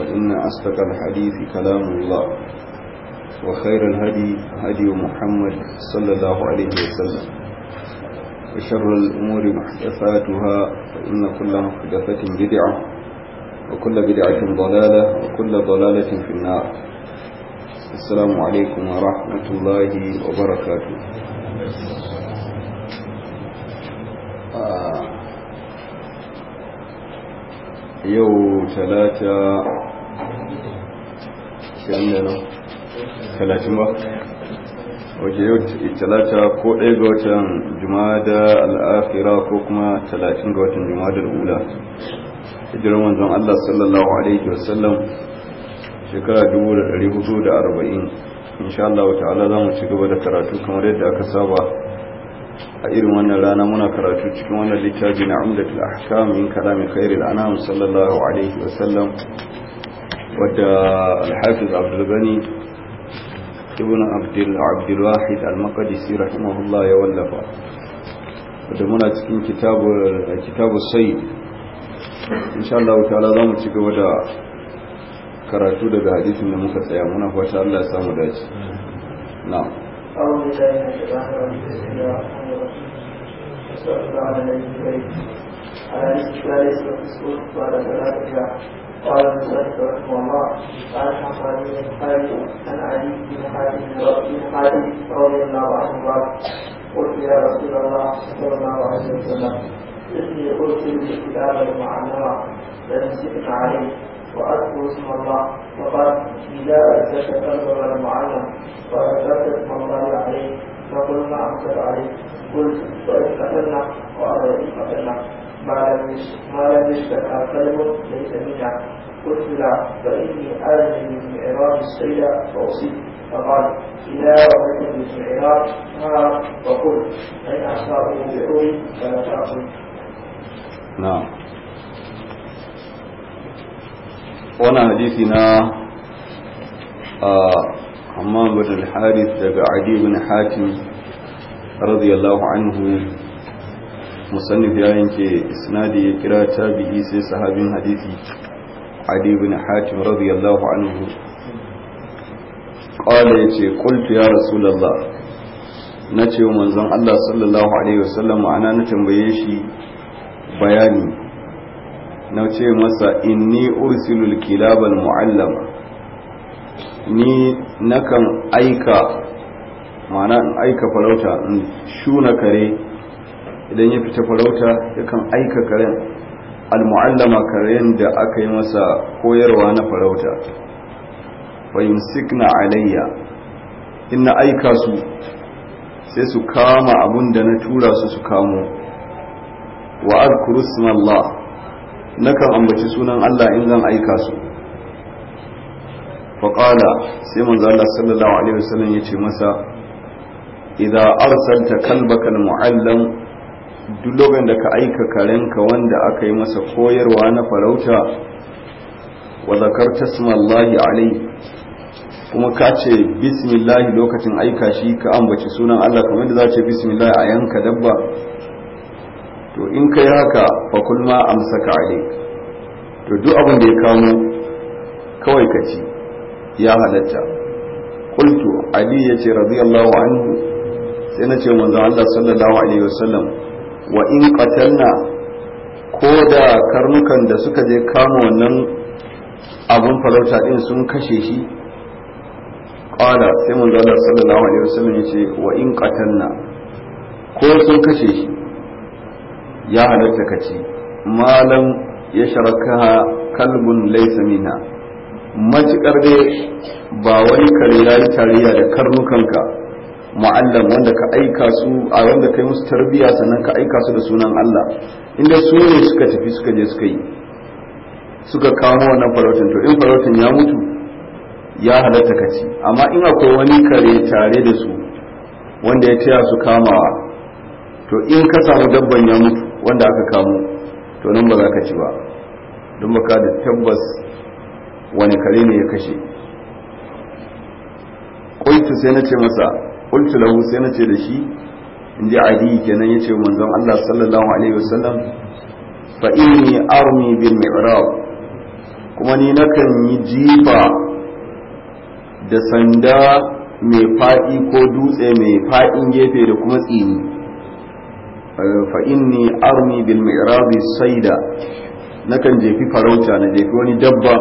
فإن أصدق الحديث كلام الله وخير الهدي هدي محمد صلى الله عليه وسلم وشر الأمور محدثاتها فإن كل محدثة بدعة وكل بدعة ضلالة وكل ضلالة في النار السلام عليكم ورحمة الله وبركاته آه، يوم ثلاثة ashirin da talatin ba waje yau talata ko ɗaya ga watan jumada al'afira ko kuma talatin ga watan jumada al'ula hijirar manzon Allah sallallahu alaihi wasallam shekara dubu da ɗari hudu da arba'in insha Allah wa ta'ala za mu ci gaba da karatu kamar yadda aka saba a irin wannan rana muna karatu cikin wannan littafi na umdatul ahkam min kalamin khairil anam sallallahu alaihi wasallam wadda alhafiz abdulgani ibn abdulwahid al-makadisi rahimahullah ya wallafa wadda muna cikin kitabu eh, sai insha Allah ta'ala za mu ci gaba da karatu daga hadisin da muka tsaya muna fata Allah ya samu dace na'am أعوذ بالله من الشيطان الرجيم بسم الله الرحمن الرحيم وصلى الله على نبينا على رسول الله صلى الله عليه وسلم وعلى ثلاثة قال المؤلف رحمه الله قال حصل بن الحارث عن علي بن حارث بن حارث رضي الله عنه قال قلت يا رسول الله صلى الله عليه وسلم إني أرسل الكتاب المعمرة فنسيت عليه وأذكر اسم الله فقال إذا أتيت قلبك المعلم وذكرت اسم الله عليه فقلنا ما أمسك عليه قلت فإن قتلنا قال إن قتلنا ما لم يشبه قلب ليس منها قلت لا فإني من عراق السيدة فأصيب فقال إذا من عراق ها وقل أن أصابه بعوري فلا تعقل نعم wannan hadisi na Hamman bin al-Harith daga Adi bin Hatim radiyallahu anhu musannif ya yanke isnadi ya kira tabi'i sai sahabin hadisi Ali ibn Hatim radiyallahu anhu qala yace qultu ya rasulullah nace wa manzon Allah sallallahu alaihi wasallam ma'ana na tambaye shi bayani na ce masa inni ursilul kilabal mu'allama ni nakan aika ma'ana in aika farauta in shuna kare idan ya fita farauta ya kan aika karen almu'allama karen da aka yi masa koyarwa na farauta bayan sikna alayya na aika su sai su kama abun da na tura su su kamo wa adkuru Allah kan ambaci sunan Allah in zan aika su faƙala sai manzo Allah sallallahu alaihi wasallam ce masa idan arsalta kalbaka mu'allam duk lokacin da ka aika karenka wanda aka yi masa koyarwa na farauta wa zakarta smallahi alai kuma ka ce bismillahi lokacin aika shi ka ambaci sunan Allah kamar da za ce bismillahi a yanka dabba to in ka yi haka fakul ma ka alai to duk abin da ya kamo kawai ka ci ya halatta kultu ali yace radiyallahu anhu sai na ce manzon Allah sallallahu alaihi wasallam wa in qatalna ko da karnukan da suka je kama wannan abun farauta din sun kashe shi qala sai mun Allah sallallahu alaihi wasallam ce wa in qatalna ko sun kashe shi ya halatta kace malam ya sharaka kalbun laysa minha matukar dai ba wani kare yayi tarayya da karnukanka mu'allam wanda ka aika su a wanda kai musu tarbiya sannan ka aika su da sunan Allah inda su ne suka tafi suka je suka yi suka kamo wannan farautin to in farautin ya mutu ya halatta ka ci amma in akwai wani kare tare da su wanda ya taya su kamawa to in ka samu dabban ya mutu wanda aka kamo to nan ba za ka ci ba don baka da tabbas wani kare ne ya kashe ƙwaitu sai na ce masa قلت له سنة na ce da shi in ji adi kenan yace manzon Allah sallallahu alaihi wasallam fa inni armi bil kuma ni nakan yi jifa da sanda mai fa’i ko dutse mai fa’in gefe da kuma tsini fa inni armi bil mi'rab saida nakan jefi farauta na jefi wani dabba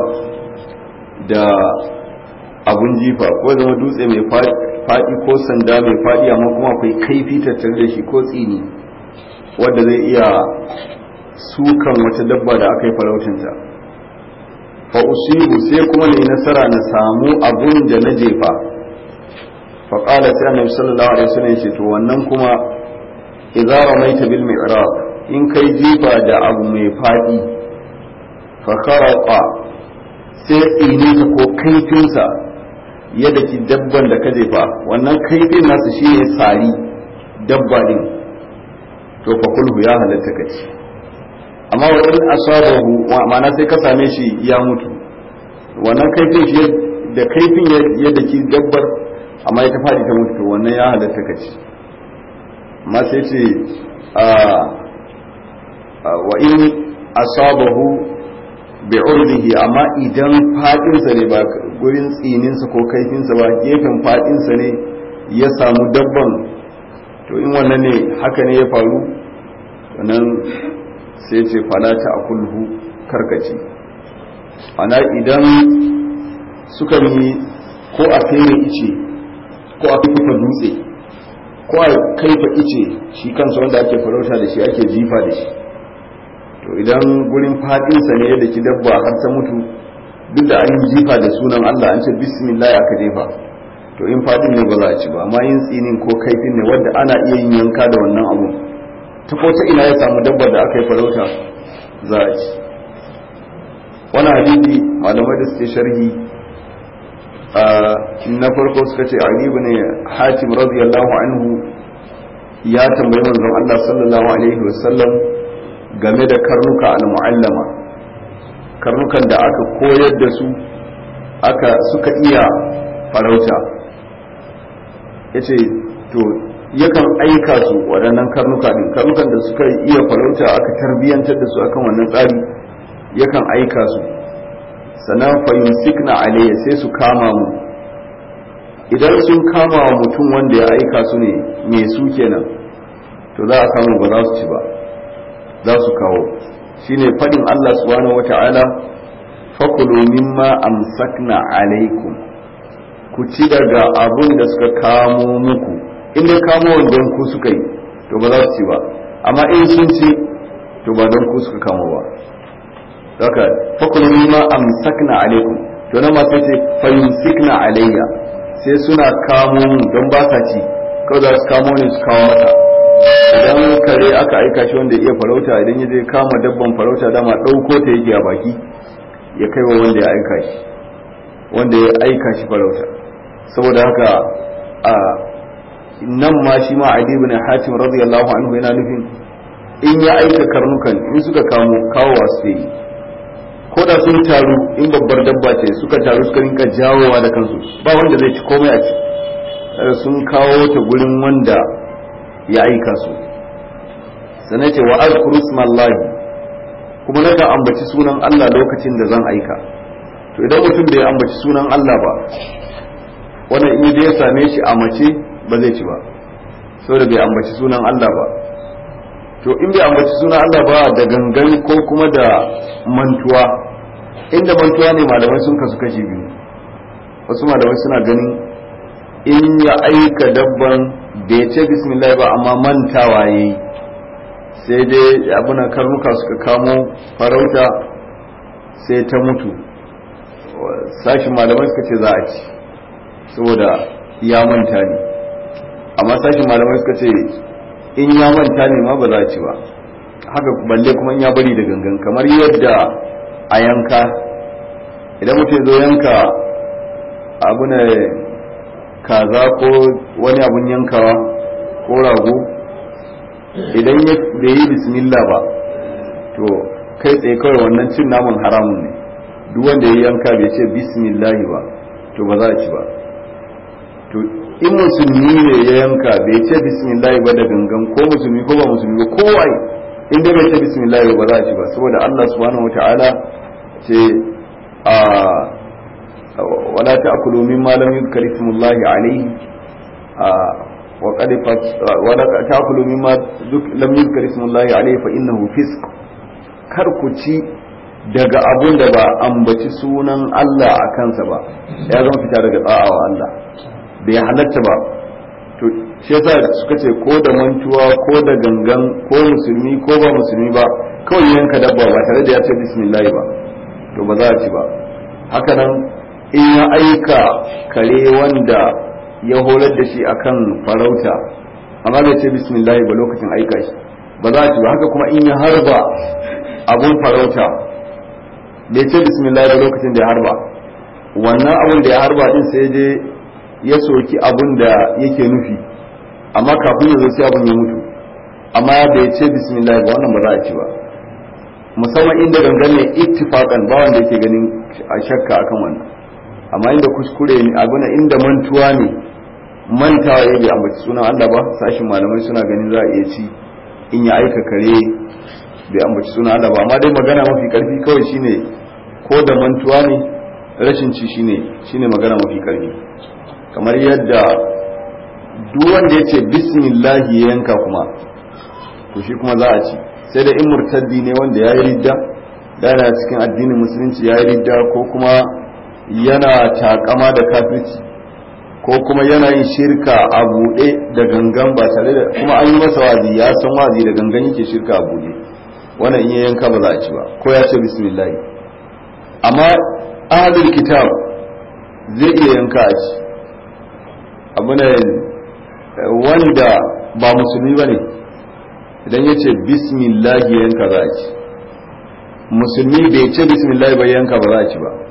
da abun jifa ko zama dutse mai fa’i faɗi ko sanda mai faɗi amma kuma akwai kaifi tattare da shi ko tsini wadda zai iya sukan wata dabba da aka yi farautinta fa usibu sai kuma na nasara na samu abun da na jefa fa qala sai annabi sallallahu alaihi wasallam yace to wannan kuma idza ramaita bil mi'rab in kai jifa da abu mai faɗi fa kharaqa sai tsini ko kaifinsa Yadda ki dabban da ka jefa wannan kai din nasu shi ne sari dabba din to fa kulhu ya halatta ka ci amma wa in asabahu ma'ana sai ka same shi ya mutu wannan kaifin shi da kaifin yadda ki dabbar amma ya ta fadi ta mutu to wannan ya halatta ka ci amma sai ce wa in asabahu bi urdihi amma idan sa ne ba gurin tsininsa ko kaifinsa ba gefen fadinsa ne ya samu dabban to in wannan ne haka ne ya faru wannan sai ce falata a kulhu karkaci ana idan suka yi ko a fere ice ko a kaifa dutse ko a kaifa ice shi kansa wanda ake farauta da shi ake jifa da shi to idan gurin fadinsa ne ya daki dabba har ta mutu duk da an yi jifa da sunan Allah an ce bismillah aka jifa to in fadin ne ba za a ci ba amma yin tsinin ko kaifin ne wanda ana iya yin yanka da wannan abu ta ko ta ina ya samu dabbar da aka yi farauta za a ci wani hadisi malamai da suke sharhi na farko suka ce ali ibn hatim radiyallahu anhu ya tambayi manzon Allah sallallahu alaihi wasallam game da karnuka al-mu'allama karnukan da aka koyar da su aka suka iya farauta ya ce to yakan aika su waɗannan karnuka ɗin karnukan da suka iya farauta aka tarbiyyantar da su akan wannan tsari yakan aika su sannan sikna alayya sai su kama mu idan sun kama wa mutum wanda ya aika su ne mai su kenan to za a samu ba za su ci ba za su kawo shine fadin Allah subhanahu wata'ala fakulu mimma amsakna alaikum ku ci daga abun da suka kamo muku in dai kamo wanda ku suka yi to ba za su ci ba amma in sun ci to ba don ku suka kamo ba haka fakulu mimma amsakna alaikum to na masu ce fayumsikna alayya sai suna kamo mu don ba sa ci kawai za su kamo ne su kawo mata idan kare aka aika shi wanda iya farauta idan ya zai kama dabban farauta dama ɗauko ta yake a baki ya kai wa wanda ya aika shi wanda ya aika shi farauta saboda haka a nan ma shi ma a ibn Hatim radiyallahu anhu yana nufin in ya aika karnukan in suka kamo kawowa su yi ko da sun taru in babbar dabba ce suka taru suka rinka jawowa da kansu ba wanda zai ci komai a ci sun kawo ta gurin wanda ya aika su sai ce wa azkuru smallahi kuma na ga ambaci sunan Allah lokacin da zan aika to idan mutum bai ambaci sunan Allah ba wannan in da ya same shi a mace ba zai ci ba saboda bai ambaci sunan Allah ba to in bai ambaci sunan Allah ba da gangan ko kuma da mantuwa inda mantuwa ne malamai sun kasu kashi biyu wasu malamai suna ganin in ya aika dabban bai ce bismillah ba amma mantawa ya yi sai dai abuna karnuka suka kamo farauta sai ta mutu sashin malamai suka ce za a ci saboda ya manta ne amma sashin malamai suka ce in ya manta ne ma ba za a ci ba haka balle kuma in ya bari da gangan kamar yadda a yanka idan mutum zo yanka abu ne kaza ko wani abun yankawa ko rago idan bai yi bismillah ba to kai tsaye kawai wannan cin namun haramun ne duk wanda ya yanka bai ce bismillah ba to ba za a ci ba to in musulmi ne ya yanka bai ce bismillah ba da gangan ko musulmi ko ba musulmi ba kowai in dai bai ce bismillah ba za a ci ba saboda Allah subhanahu wataala ce a ah, ولا تأكلوا مما لم يذكر اسم الله عليه وقد ولا تأكلوا مما لم يذكر اسم الله عليه فإنه فسق كركتي daga abun da ba ambaci sunan Allah a kansa ba ya zama fita daga tsa'a wa Allah bai halatta ba to shi yasa suka ce ko da mantuwa ko da gangan ko musulmi ko ba musulmi ba kawai ya yanka dabba ba tare da ya ce bismillah ba to ba za a ci ba haka nan in ya aika kare wanda ya horar da shi akan farauta amma bai ce bismillah ba lokacin aika shi ba za ci ba haka kuma in ya harba abun farauta bai ce bismillah ba lokacin da ya harba wannan abun da ya harba din sai dai ya soki abun da yake nufi amma kafin ya zo sai abun ya mutu amma bai ce bismillah ba wannan ba za a ci ba musamman inda gangan ne ittifaqan ba wanda yake ganin a shakka akan wannan amma inda kuskure ne abuna inda mantuwa ne mantawa ya a ambaci suna Allah ba sashin malamai suna ganin za a iya ci in ya aika kare bai ambaci suna Allah ba amma dai magana mafi karfi kawai shine ko da mantuwa ne rashin ci shine shine magana mafi karfi kamar yadda duk wanda ya ce bismillah ya yanka kuma to shi kuma za a ci sai da in murtaddi ne wanda yayi yi ridda da cikin addinin musulunci yayi yi ridda ko kuma yana takama da kafirci ko kuma yana yin shirka a buɗe da gangan ba tare da kuma an yi masa wazi ya san wazi da gangan yake shirka a buɗe wannan in yanka ba za a ci ba ko ya ce bismillah amma ahlul kitab zai iya yanka a ci abu ne eh, wanda ba musulmi ba ne idan ya ce bismillah yanka za a ci musulmi bai ce bismillah ba yanka ba za a ci ba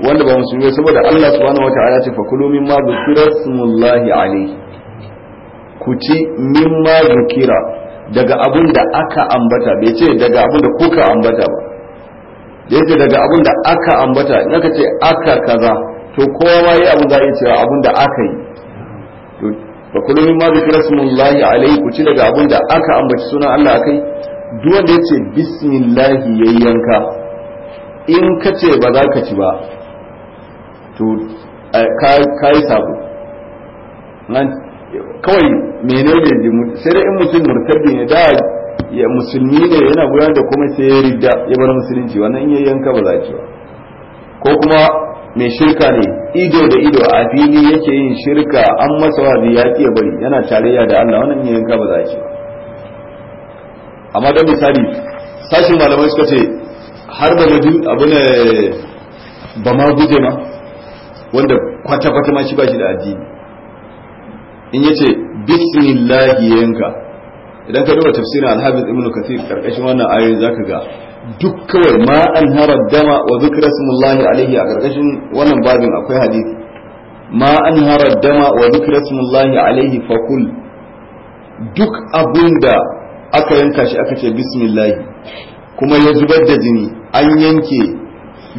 wanda ba musulmi saboda Allah subhanahu wata'ala ce fa kulu mimma zukira smullahi alayhi ku ci mimma zukira daga abun da aka ambata bai ce daga abun da kuka ambata ba da yake daga abun da aka ambata in aka ce aka kaza to kowa ma yi abun da ya ce abun da aka yi to fa kulu mimma zukira smullahi alayhi ku ci daga abun da aka ambaci sunan Allah akai duk wanda ya bismillah yayyanka in ka ce ba za ka ci ba to eh, ka yi sabo kawai menene sai dai in mutum murtabi ne da ya musulmi ne yana gudanar da kuma sai ya ridda ya bar musulunci wannan iya yanka ba za ci ba ko kuma mai shirka ne ido da ido a fili yake yin shirka an masa wazi ya ya bari yana tarayya da Allah wannan iya yanka ba za ci ba amma dan misali sashin malamai suka ce har ba abu ne ba ma guje ma wanda kwata kwata ma shi ba shi da addini in yace bismillahi yanka idan ka duba tafsirin al-hafiz ibnu kathir karkashin wannan ayoyi zaka ga duk kawai ma an harar dama wa zikra smullahi alaihi a karkashin wannan babin akwai hadisi ma an harar dama wa zikra smullahi alaihi kul duk abinda aka yanka shi aka ce bismillahi kuma ya zubar da jini an yanke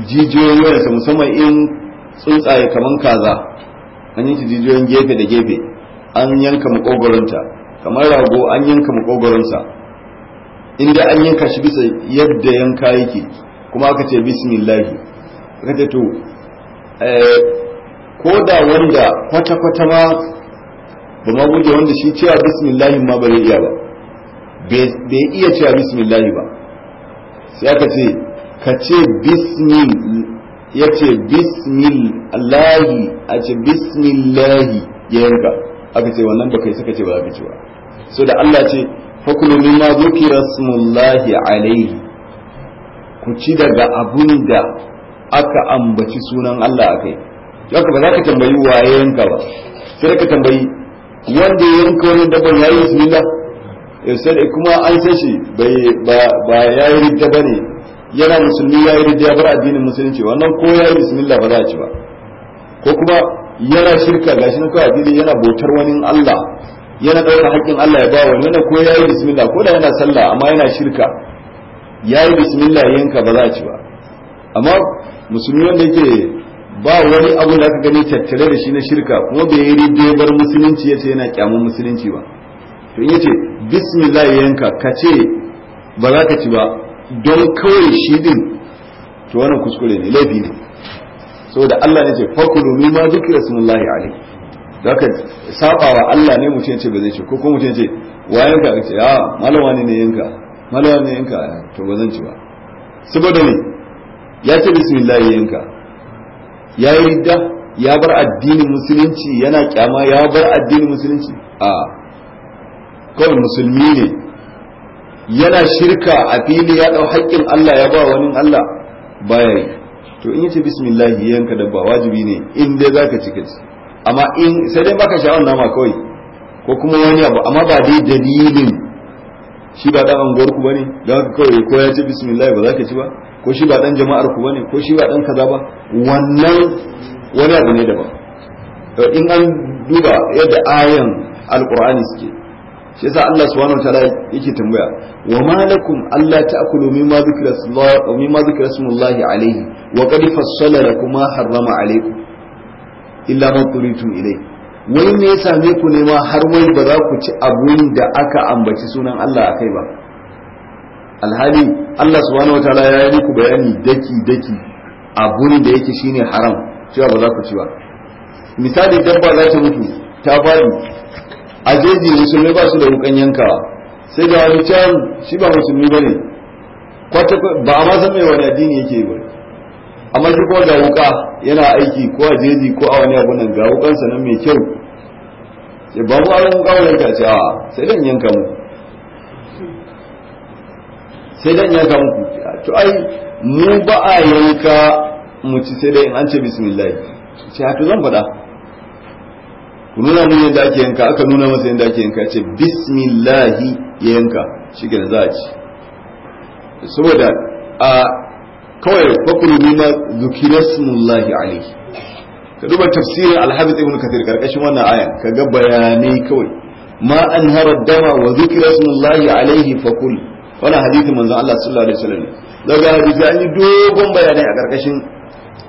jijiyoyin wayarsa musamman in tsuntsaye kaman kaza an yi jijiyoyin gefe da gefe an yanka makogoronta kamar rago an yanka makogoronta inda an yanka shi bisa yadda yanka yake kuma aka ce bismillahi aka ce to eh, ko da wanda kwata-kwata ma ba ma guje wanda shi cewa bismillahi ma ba iya ba bai iya cewa bismillahi ba sai aka ce ka ce bismillahi ya ce bismillahi a ce bismillahi ya yarga aka ce wannan ba kai suka ce ba ka ci ba so da Allah ce fakulu mimma zukira smullahi alaihi ku ci daga abun da aka ambaci sunan Allah a kai haka ba za ka tambayi waye yanka ba sai ka tambayi wanda ya yanka wani dabban yayi bismillah sai kuma an san shi bai ba yayi ridda bane yana musulmi ya yi rijiya bar addinin musulunci wannan ko ya yi bismillah ba za a ci ba ko kuma yana shirka gashi na kawai addini yana bautar wani Allah yana ɗaukar haƙƙin Allah ya ba wani wannan ko ya yi bismillah ko da yana sallah amma yana shirka ya yi bismillah yanka ba za a ci ba amma musulmi wanda yake ba wani abu da aka gani tattare da shi na shirka kuma bai yi ridda bar musulunci yace yana kyamun musulunci ba to in yace bismillah yanka kace ba za ka ci ba don kawai shi din to wannan kuskure ne laifi ne saboda Allah ne ce fakulu mimma zikra sunullahi alai zaka wa Allah ne mutum ce ba zai ce ko ko mutum ce wa yanka ka ce a ah, malama ne ne yanka malama ne yanka to ba zan ci ba saboda ne ya ce bismillah yanka ya yi da, ya bar addinin musulunci yana kyama ya bar addinin musulunci a kawai musulmi ne yana shirka a fili ya dau haƙƙin Allah ya ba wani Allah baya yi to in yace bismillah yanka dabba wajibi ne in dai zaka ci shi amma in sai dai baka sha'awar nama kawai ko kuma wani abu amma ba dai dalilin shi ba dan anguwar ku bane dan kawai ko ya ce bismillah ba zaka ci ba ko shi ba dan jama'ar ku bane ko shi ba dan kaza ba wannan wani abu ne daban in an duba yadda ayan alqur'ani suke shi yasa Allah subhanahu wataala yake tambaya wa ma lakum alla ta'kulu mimma zikra sallahu mimma zikra smullahi alayhi wa qad fassala lakum ma harrama alaykum illa ma turitum ilay wai me ya same ku ne ma har wai ba za ku ci abun da aka ambaci sunan Allah akai ba alhali Allah subhanahu wataala ya yi muku bayani daki daki abun da yake shine haram cewa ba za ku ci ba misali dabba za ta mutu ta bari a jeji musulmi ba su da wukan yanka sai ga wani can shi ba musulmi ba ne ba a ma san mai wani addini yake ba amma shi ko ga wuka yana aiki ko a jeji ko a wani abu nan ga wukansa nan mai kyau sai ba mu a wuka wani yanka a sai dan yanka mu sai dan yanka muku to ai mu ba a yanka mu ci sai dai in an ce bismillah sai haka zan faɗa ku nuna mun yadda ake yanka aka nuna masa yadda ake yanka ce bismillahi ya yanka shi ke za a ci saboda a kawai fakulu mimma zukira lahi alaihi ka duba tafsirin alhabis ibn kathir karkashin wannan ayan ka ga bayanai kawai ma an harar dama wa zukira smullahi alaihi fakul wannan hadithi manzon Allah sallallahu alaihi wasallam daga hadisi an yi dogon bayanai a karkashin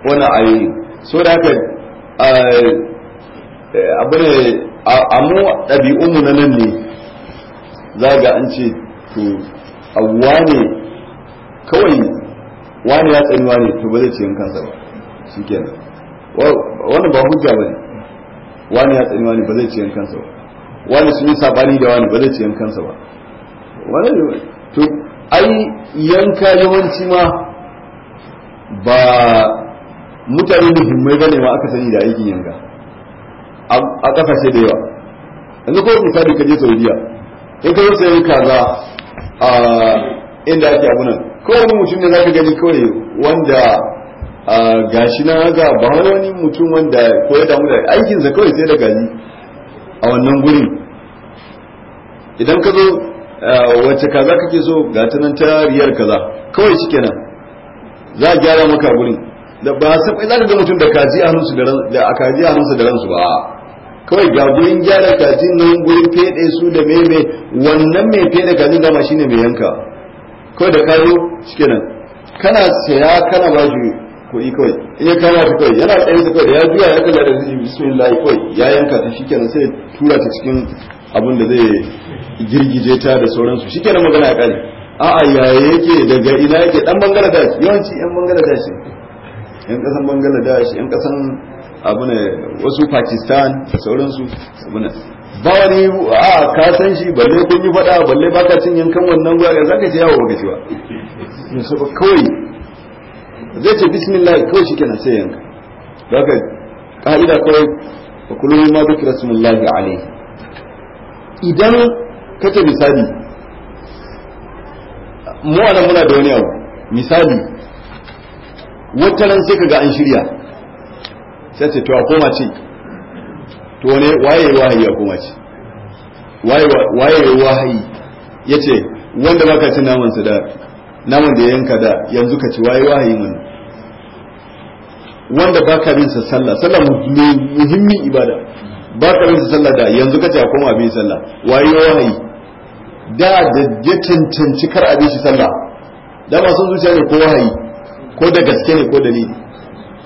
wannan ayoyi saboda haka Eh, abu ne a mu ɗabi'unmu na nan ne za ga an ce to abuwa ne kawai wani ya tsani wani to ba zai ce kansa ba shi kenan wani ba hujja ba ne wani ya tsani wani ba zai ce kansa ba wani sun yi sabani da wani ba zai ce kansa ba wani to ai yanka yawanci ma ba mutane muhimmai ba ne ma aka sani da aikin yanka a kasashe da yawa yanzu ko misali ka je saudiya in ka zo sayan kaza a inda ake abu nan kowane mutum ne zaka gani kawai wanda gashi na ga ba wani mutum wanda ko ya damu da aikinsa kawai sai da gaji a wannan gurin idan ka zo wacce kaza kake so ga ta nan ta riyar kaza kawai shi kenan za a gyara maka gurin da ba sai za ka ga mutum da kaji a hannunsu da a hannunsu da ransu ba kawai ga gurin gyara kajin nan gurin fede su da meme wannan mai fede kajin dama shine mai yanka kawai da kayo shikenan kana saya kana ba shi kuɗi kawai in ya kama ta kawai yana tsaye ta kawai ya juya ya kalla da zai bismillah kawai ya yanka ta shikenan sai tura ta cikin abin da zai girgije ta da sauransu shikenan magana ya kare a'a yaya yake daga ina yake dan dashi? yawanci yan bangladesh yan kasan dashi yan kasan abu ne wasu pakistan da sauransu abu ne ba wani a ka san shi balle kun yi faɗa balle ba ka cin yankan wannan gwaya za ka ce yawo ba ka ci ba ba kawai zai ce bismillah kawai shi kenan sai yanka za ka ka'ida kawai ba kullum ma zikra smullahi Ali. idan ce misali mu anan muna da wani abu misali wata ran sai kaga an shirya sai ce to a koma ci to ne waye wahayi a koma ci waye waye wahayi ce wanda baka ci naman su da naman da yanka da yanzu ka ci waye wahayi mun wanda baka bin sa sallah sallah muhimmin ibada baka bin sa sallah da yanzu ka ci a koma bin sallah waye wahayi da da ya cancanci kar a bi shi sallah da ba sun zuciya ne ko wahayi ko da gaske ne ko dalili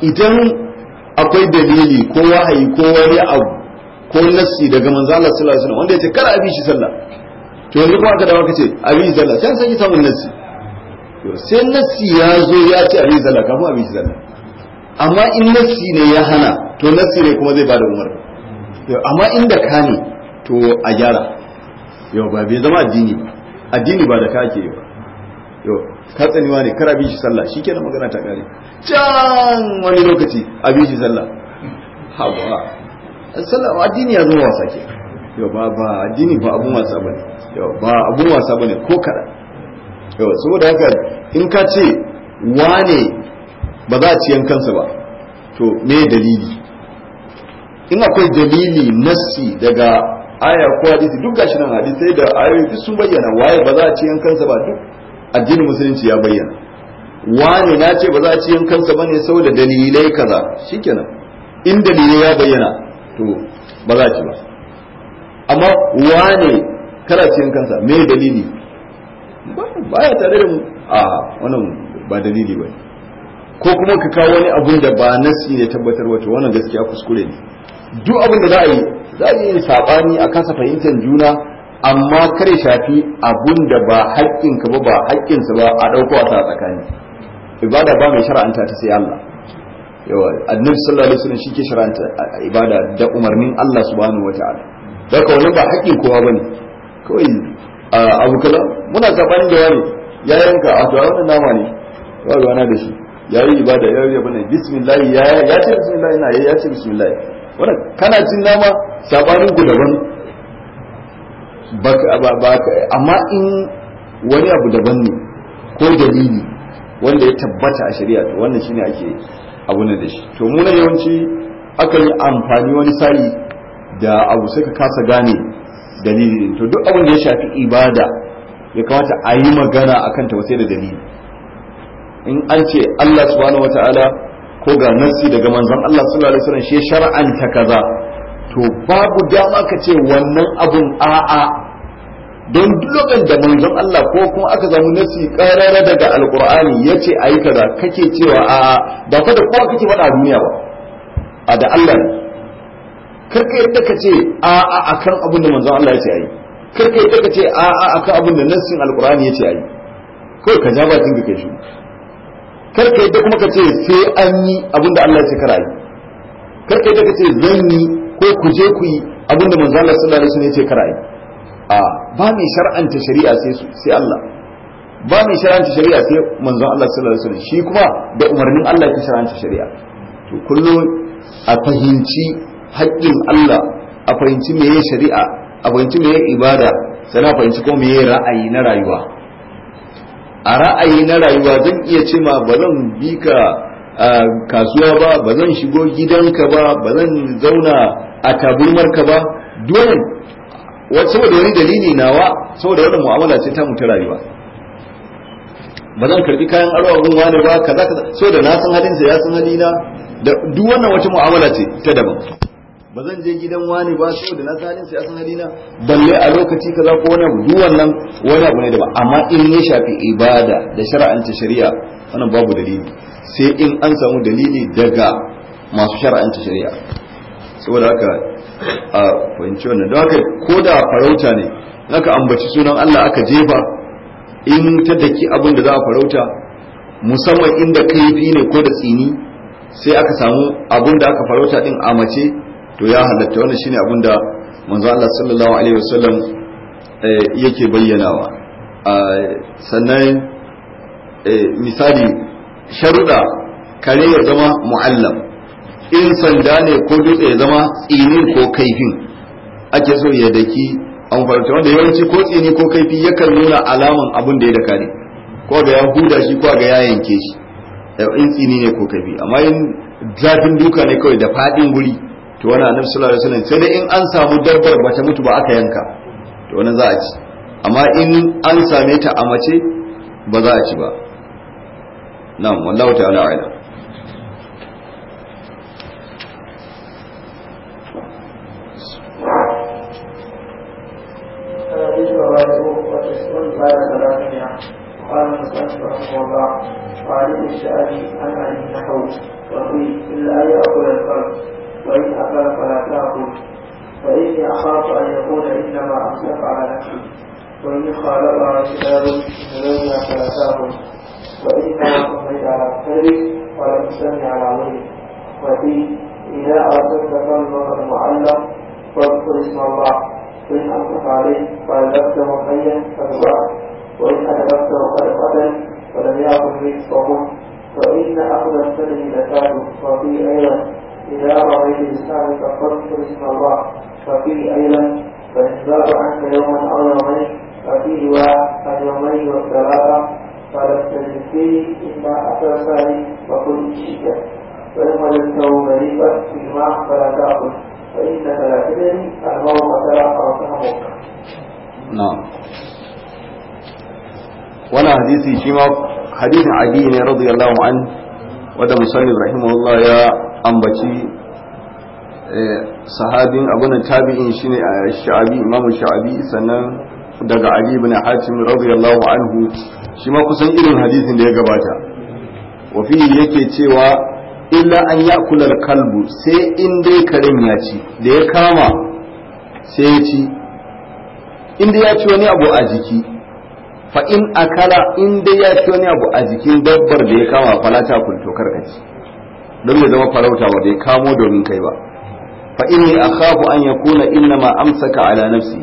idan akwai dalili ko wahayi ko wani abu ko nassi daga manzo Allah sallallahu alaihi wasallam wanda yace kar a shi sallah to yanzu kuma aka dawo kace a sallah sai sai ki samu nassi to sai nassi ya zo ya ce a sallah kafin a sallah amma in nassi ne ya hana to nassi ne kuma zai bada umar amma inda ka ne to a gyara yau ba bai zama addini ba addini ba da ka ke yi katsaniwa ne kar a shi sallah shi kenan magana ta kare can wani lokaci a shi sallah hawa sallah addini ya zama wasa ke yau ba ba addini ba abun wasa bane yau ba abun wasa bane ko kada yau saboda haka in ka ce wane ba za a ci yankansa ba to me dalili in akwai dalili nassi daga aya ko hadisi duk gashi nan hadisi da ayoyi sun bayyana waye ba za a ci kansa ba duk addinin musulunci ya bayyana wani na ce ba za a ci yankansa bane saboda dalilai kaza shikenan in dalilai ya bayyana to ba za a ci ba amma wani kara ci yankansa me dalili ba ya tare da mu a wannan ba dalili ba ko kuma ka kawo wani abun da ba nasi ne tabbatar wato wannan gaskiya kuskure ne duk abin da za a yi za a yi sabani a kasa fahimtar juna amma kare shafi abun da ba haƙƙinka ba ba haƙƙinsa ba a ɗauko a sa tsakani ibada ba mai shara'anta ta sai Allah yawa annabi sallallahu alaihi wasallam shike shara'anta ibada da umarnin Allah subhanahu wataala da ka wani ba haƙƙin kowa bane kawai abu kala muna sabani da wani ya yanka a to wannan nama ne ba na da shi yayi ibada yayi bane bismillah ya ya ce bismillah ina ya ce bismillah wannan kana cin nama sabanin ku daban amma in wani abu daban ne ko dalili wanda ya tabbata a shari'a to wannan shine ake abun da shi to muna yawanci aka yi amfani wani sa'i da abu sai ka kasa gane dalili to duk abin da ya shafi ibada ya kamata a yi magana akan ta sai da dalili in an ce Allah subhanahu wataala ko ga nassi daga manzon Allah sallallahu alaihi wasallam shi ya shar'anta kaza to babu dama ka ce wannan abun a'a don duk lokacin da manzon Allah ko kuma aka zama nasi karara daga alkur'ani yace ayi kaza kake cewa a'a ba fa da kowa kake faɗa a duniya ba a da Allah karka yadda ka ce a'a akan abin da manzon Allah yace ayi karka yadda ka ce a'a akan abin da nasin alkur'ani yace ayi kawai ka ja bakin ka shi karka yadda kuma ka ce sai an yi abin da Allah ya ce kar a yi karka yadda ka ce zan yi ko ku je ku yi abinda manzo Allah sallallahu alaihi wasallam ya ce kar ayi a ba mai shar'anta shari'a sai su sai Allah ba mai shar'anta shari'a sai manzo Allah sallallahu alaihi wasallam shi kuma da umarnin Allah ke shar'anta shari'a to kullum a fahimci haƙƙin Allah a fahimci meye shari'a a fahimci meye ibada sannan a fahimci ko meye ra'ayi na rayuwa a ra'ayi na rayuwa zan iya cewa ba zan bi ka kasuwa ba ba zan shigo gidanka ba ba zan zauna a taburmarka ba dole saboda wani dalili nawa saboda wannan mu'amala ce ta mutu rayuwa ba zan karbi kayan aro abun wani ba kaza kaza saboda na san sa ya san halina da duk wannan wata mu'amala ce ta daban ba zan je gidan wani ba da na sanin sai asan halina balle a lokaci kaza ko wani abu wannan wani abu ne da ba amma in ya shafi ibada da shar'anta shari'a wannan babu dalili sai in an samu dalili daga masu shar'anta shari'a saboda haka a fahimci wannan don haka ko da farauta ne aka ambaci sunan Allah aka jefa in ta daki abin da za a farauta musamman inda kaifi ne ko da tsini sai aka samu abin da aka farauta din a mace to ya halatta wannan shine abin da manzo Allah sallallahu alaihi wasallam eh, yake bayyanawa sannan eh, misali sharuda kare ya zama mu'allam in sanda ne ko dutse ya zama tsinin ko kaifin ake so ya daki an farta wanda yawanci ko tsini ko kaifi yakan nuna alaman abin da ya daka ne ko ga ya huda shi ko ga ya yanke shi eh, in tsini ne ko kaifi amma in zafin duka ne kawai da fadin guri to wani annab sallallahu alaihi wasallam sai dai in an samu dabbar ba ta mutu ba aka yanka to wani za a ci amma in an same ta a mace ba za a ci ba na'am wallahu ta'ala a'lam قال المصنف رحمه الله وعليه الشعبي عن علي النحو وقيل الا ياكل وإن أكل فلا تأكل فإني أخاف أن يقول إنما أمسك على نفسي وإن خالفها كتاب فلولا فلا تأكل وإن تأكل على الثري ولا تسمي على غيري وفي إذا أردت قلبك المعلم فاذكر اسم الله فإن أمسك عليه فألبسته حيا فتبع وإن أدركته خلقة فلم ولم منك رزقه فإن أخذ السنة زكاة وفي أيضا إذا رأى الإنسان فقدت اسم الله وفيه أيضا فإثبات أنت يوما أو يومين وفيه اليومين والثلاثة فلا تجد فيه إما أثر وكل شدة فإن وجدته في الماء فلا تأكل فإنك لا تدري الموت لا نعم وانا حديثي shi حديث hadisin رضي الله عنه an wadda رحمه الله يا ambaci eh, sahabin abin tabi'in shine a eh, sha'abi imamu sha'abi sannan daga ali ibn hatim radiyallahu anhu shi ma kusan irin hadisin da ya gabata wa fi yake cewa illa an ya'kula kalbu sai in dai karen ya ci da ya kama sai ya ci in dai ya ci wani abu a jiki fa in akala in dai ya ci wani abu a jikin dabbar da ya kama falata kulto karkaci don ya zama farauta wa bai kamo domin kai ba fa inni akhafu an yakuna ma amsaka ala nafsi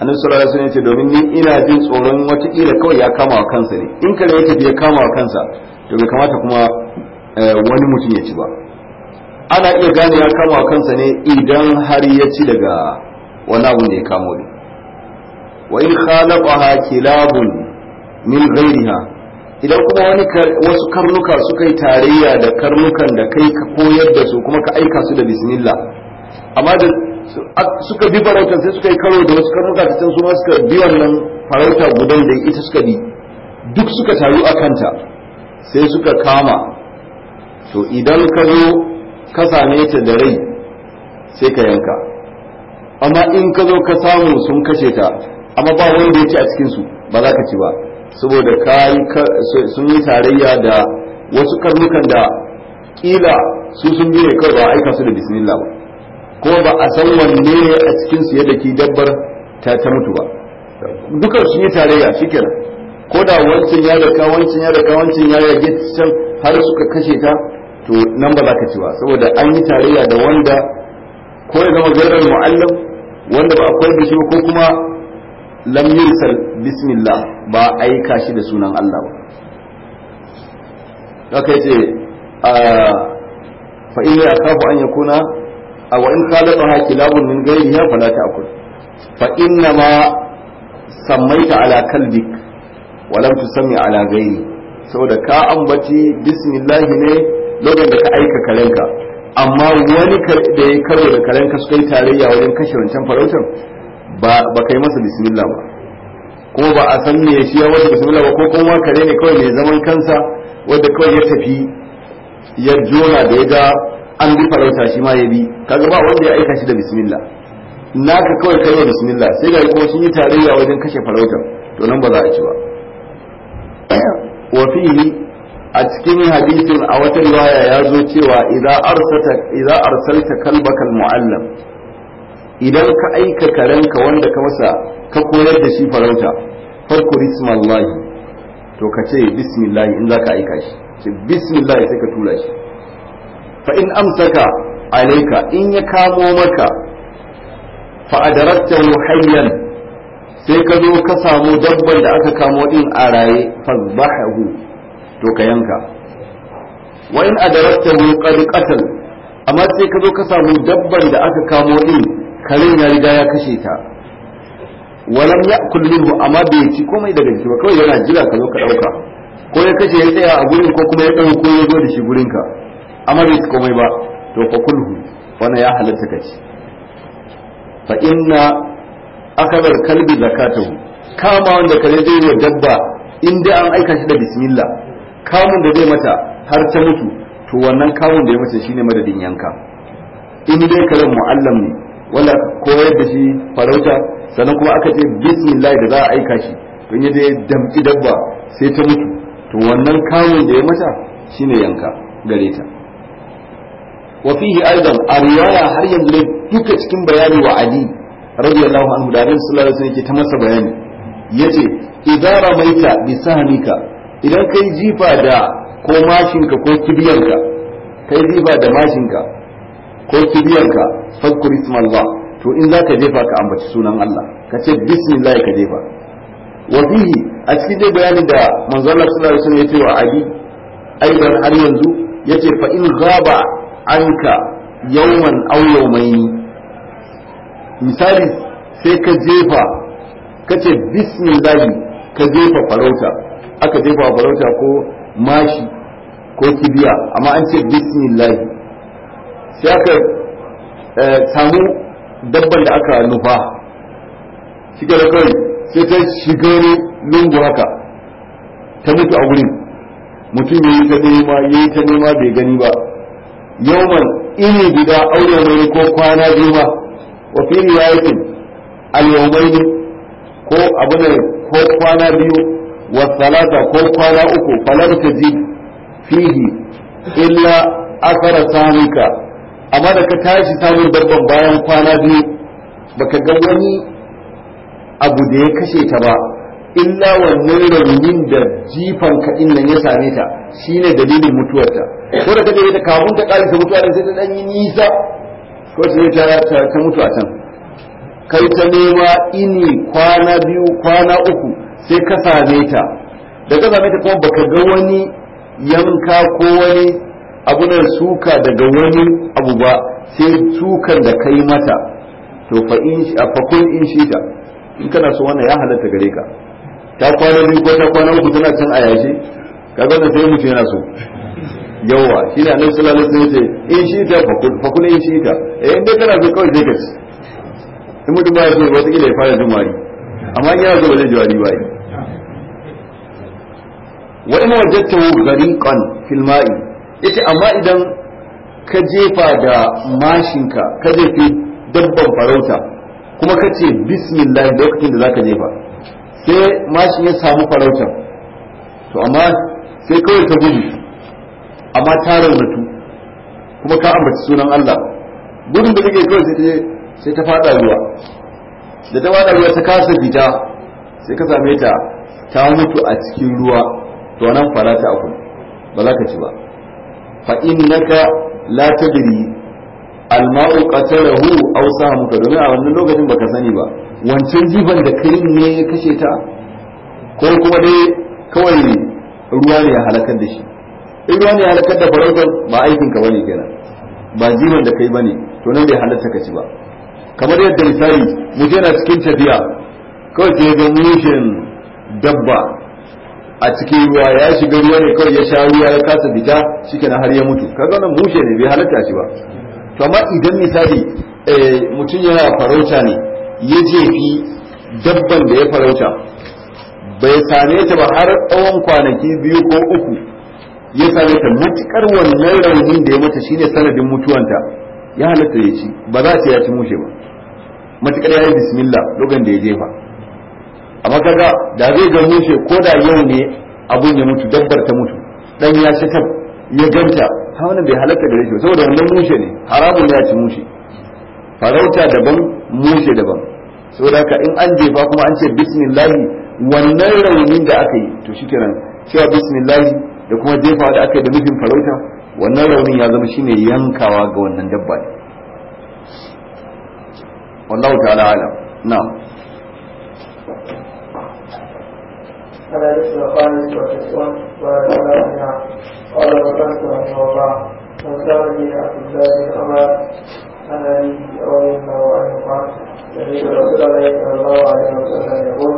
annabi sallallahu alaihi wasallam domin ni ina jin tsoron wata kila kawai ya kama wa kansa ne in kare yake ya kama kansa to bai kamata kuma eh, wani mutum ya ci ba ana iya gane ya kama kansa ne idan har ya ci daga wani abu da ya kamo ne wa in khalaqaha kilabun min ghairiha idan kuma wani wasu karnuka suka yi tarayya da karnukan da kai ka koyar da su kuma ka aika su da bismillah amma da suka bi farautar sai suka yi karo da wasu karnuka ta can su ma suka bi wannan farauta gudan da ita suka bi duk suka taru a kanta sai suka kama to idan ka zo ka same ta da rai sai ka yanka amma in ka zo ka samu sun kashe ta amma ba wanda ya ci a cikinsu ba za ka ci ba saboda sun yi tarayya da wasu karnukan da kila su sun ne kawai ba aika su da bismillah ba ko ba a san wanne a cikin su yadda ki dabbar ta ta mutu ba dukkan sun yi tarayya shikenan ko da wancan ya da wancan ya da wancan ya yage can har suka kashe ta to nan ba za ka ci ba saboda an yi tarayya da wanda ko ya zama garar mu'allim wanda ba akwai da shi ko kuma lam yursal bismillah ba aika shi da sunan Allah ba haka yace fa in yakafu an yakuna aw in khalaqaha kilabun min ghayriha fala ta'kul fa inna ma sammaita ala kalbik wa lam tusammi ala ghayri saboda ka ambaci bismillah ne lokacin da ka aika karenka amma wani da ya karo da karenka su yi tarayya wajen kashe wancan farautar ba yi masa bismillah ba ko ba a san me shi ya wasu, bismillah ba ko kuma kare ne kawai mai zaman kansa wanda kawai ya tafi ya jona da ya ga an bi farauta shi ma ya bi kaga ba wanda ya aika shi da bismillah naka kawai kai wa bismillah sai ga kuma sun yi tarayya wajen kashe farautar to nan ba za a ci ba wa a cikin hadisin a wata riwaya ya zo cewa idza arsalta idza arsalta kalbaka idan ka aika karenka wanda ka masa ka koyar da shi farauta farko bismillah to ka ce bismillah in za ka aika shi ce bismillah sai ka tura shi fa in amsaka alayka in ya kamo maka fa adarabta muhayyan sai ka zo ka samu dabban da aka kamo din a raye fazbahu to ka yanka wa in adarabta qad qatal amma sai ka zo ka samu dabban da aka kamo din kare ya riga ya kashe ta walam ya'kul mu amma bai ci komai daga jiki ba kawai yana jira ka zo ka dauka ko ya kashe ya tsaya a gurin ko kuma ya dauko ya zo da shi gurin ka amma bai ci komai ba to fa kulhu wannan ya halatta kaci fa inna akabar kalbi zakatahu kama wanda kare zai yi dabba in dai an aika shi da bismillah kamun da zai mata har ta mutu to wannan kamun da ya mace shine madadin yanka in dai karen mu'allam ne wanda koyar da shi farauta sannan kuma aka ce bismillah da za a aika shi in ya damki dabba sai ta mutu to wannan kawun da ya mata shine yanka gare ta wa fihi aidan a har yanzu ne duka cikin bayani wa ali radiyallahu anhu da abin sallallahu alaihi wasallam ta masa bayani yace idza ramaita bi sahmika idan kai jifa da ko mashinka ko kibiyarka kai jifa da mashinka ko kibiyanka fadkur ismallah to in za ka jefa ka ambaci sunan Allah ka ce bismillah ka jefa wa fihi a cikin dai bayani da manzo Allah sallallahu alaihi wasallam ya wa Ali aidan har yanzu yace fa in ghaba anka yawman aw yawmayni misali sai ka jefa ka ce bismillah ka jefa farauta aka jefa farauta ko mashi ko kibiya amma an ce bismillah sai aka eh, samu dabban da aka nufa shi da kawai sai ta shiga wani lungu haka ta mutu a wurin mutum ya yi ta nema ya yi ta nema bai gani ba yawman ini guda aure mai ko kwana biyu ba wa fi riwayatin al-yawmayn ko abu ne ko kwana biyu wa salata ko kwana uku falar tajid fihi illa akara samika amma da ka tashi samun dabban bayan kwana biyu baka ga wani abu da ya kashe ta ba illa wannan raunin da jifan ka nan ya same ta shine dalilin mutuwarta ko da kaje ta kafin ta ƙara ta mutuwa sai ta dan yi nisa ko ta ta ta mutu a can kai ta nema ini kwana biyu kwana uku sai ka same ta da ka same ta kuma baka ga wani yanka ko wani abunan suka daga wani abu ba sai sukan da kai mata to fa in fa kun in shita in kana so wannan ya halatta gare ka ta kwana biyu ko ta kwana ku tana can a yashe kaga wannan sai mutum yana so yawa shi ne annabi sallallahu alaihi wasallam in shita fa kun fa kun in shita eh in kana so kawai sai ka ci in mutum ba ya so wata kila ya fara jumari amma in yana so ba zai jawari ba yi wa in wajadtahu ghariqan fil ma'i yace amma idan ka jefa da mashinka ka jefe dabban farauta kuma ka ce bismillah lokacin da za ka jefa sai mashin ya samu farautar to amma sai kawai ta gudu amma ta raunatu kuma ka ambaci sunan Allah gudun da kake kawai sai ta fada ruwa da ta fada ruwa ta kasa fita sai ka same ta ta mutu a cikin ruwa to nan fara ta ba za ka ci ba fa innaka la tadri alma'u qatalahu aw sahamka domin a wannan lokacin baka sani ba wancan jiban da kai ne ya kashe ta ko kuma dai kawai ruwa ne ya halakar da shi in ruwa ne ya halakar da farautar ba aikin ka bane kenan ba jiban da kai bane to nan bai halatta ka ci ba kamar yadda misali je na cikin tafiya kawai ke ga mushin dabba a cikin ruwa ya shiga ruwa ne kawai ya sha ruwa ya kasa fita na har ya mutu kaga nan mushe ne bai halatta shi ba to amma idan misali eh, mutum yana farauta ne ya jefi dabban da ya farauta bai same ta ba har tsawon kwanaki biyu ko uku ya same ta matukar wannan raunin da ya mata shine sanadin mutuwanta ya halatta ya ci ba za ta ya ci mushe ba matukar ya yi bismillah lokacin da ya jefa amma kaga da zai ga mushe ko da yau ne abun ya mutu dabbar ta mutu dan ya ci ya ganta ha wannan bai halaka gare shi ba saboda wannan mushe ne haramun ya ci mushe farauta daban mushe daban saboda haka in an jefa kuma an ce bismillah wannan raunin da aka yi to shikenan cewa bismillah da kuma jefa da aka yi da nufin farauta wannan raunin ya zama shine yankawa ga wannan dabba wallahu ta'ala na'am فلا يسوى خامس وتسعون ولا ثمانية قال وكنت رحمه الله وسار لي عبد الله بن عمر عن أبيه رضي الله عنه قال النبي رسول الله صلى الله عليه وسلم يقول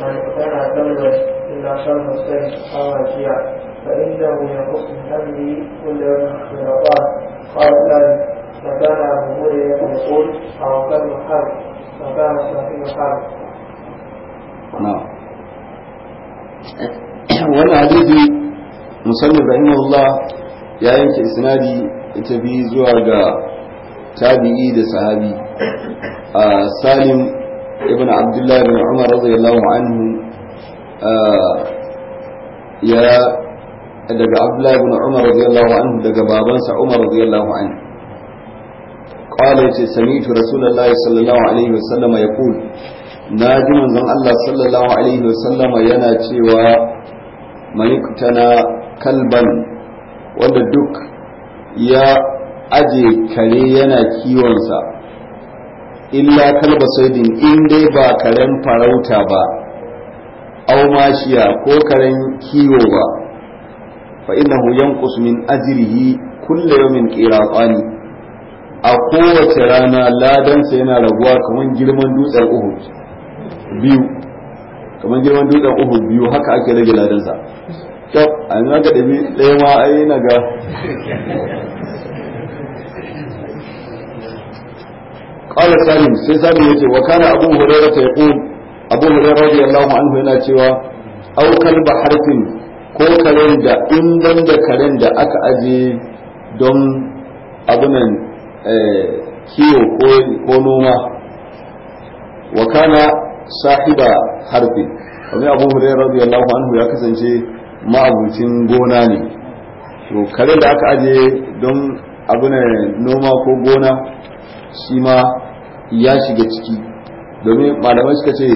من اقتنع تمرا إلا شر مسلم أو رجيع فإنه ينقص من أمره كل يوم خلقات قال ذلك فكان أبو هريرة يقول أو كان حرب فكان صاحب حرب musallin rahimahullah ya yanke isnadi ita bi zuwa ga tabi'i da sahabi a salim ibn abdullahi bin umar radiyallahu anhu ya daga abdullahi bin umar radiyallahu anhu daga babansa umar radiyallahu anhu قال يتي سمعت رسول الله صلى الله عليه وسلم يقول ناجي من الله صلى الله عليه وسلم ينا cewa man kalban wanda duk ya aje kare yana kiwonsa illa kalba saidin in dai ba karen farauta ba au mashiya ko karen kiwo ba fa innahu yanqus min ajrihi kullu yawmin qiratani a kowace rana ladansa yana raguwa kamar girman dutsen uhud biyu kamar girman dutsen uhud biyu haka ake rage ladansa an yi ga ɗabi ɗaya ma a yi ga." ƙwale salim sai salim ya ce wa kana abu hurera ta yaƙo abu hurera wajen yalla wa anhu yana cewa aukar ba harfin ko karen da indan da karen da aka aje don abunan eh, kiwo ko noma wa kana sahiba harfi kamar abu hurera ya yalla wa anhu ya kasance ma'abucin gona ne to kare da aka aje don abu noma ko gona shi ma ya shiga ciki domin malamai suka ce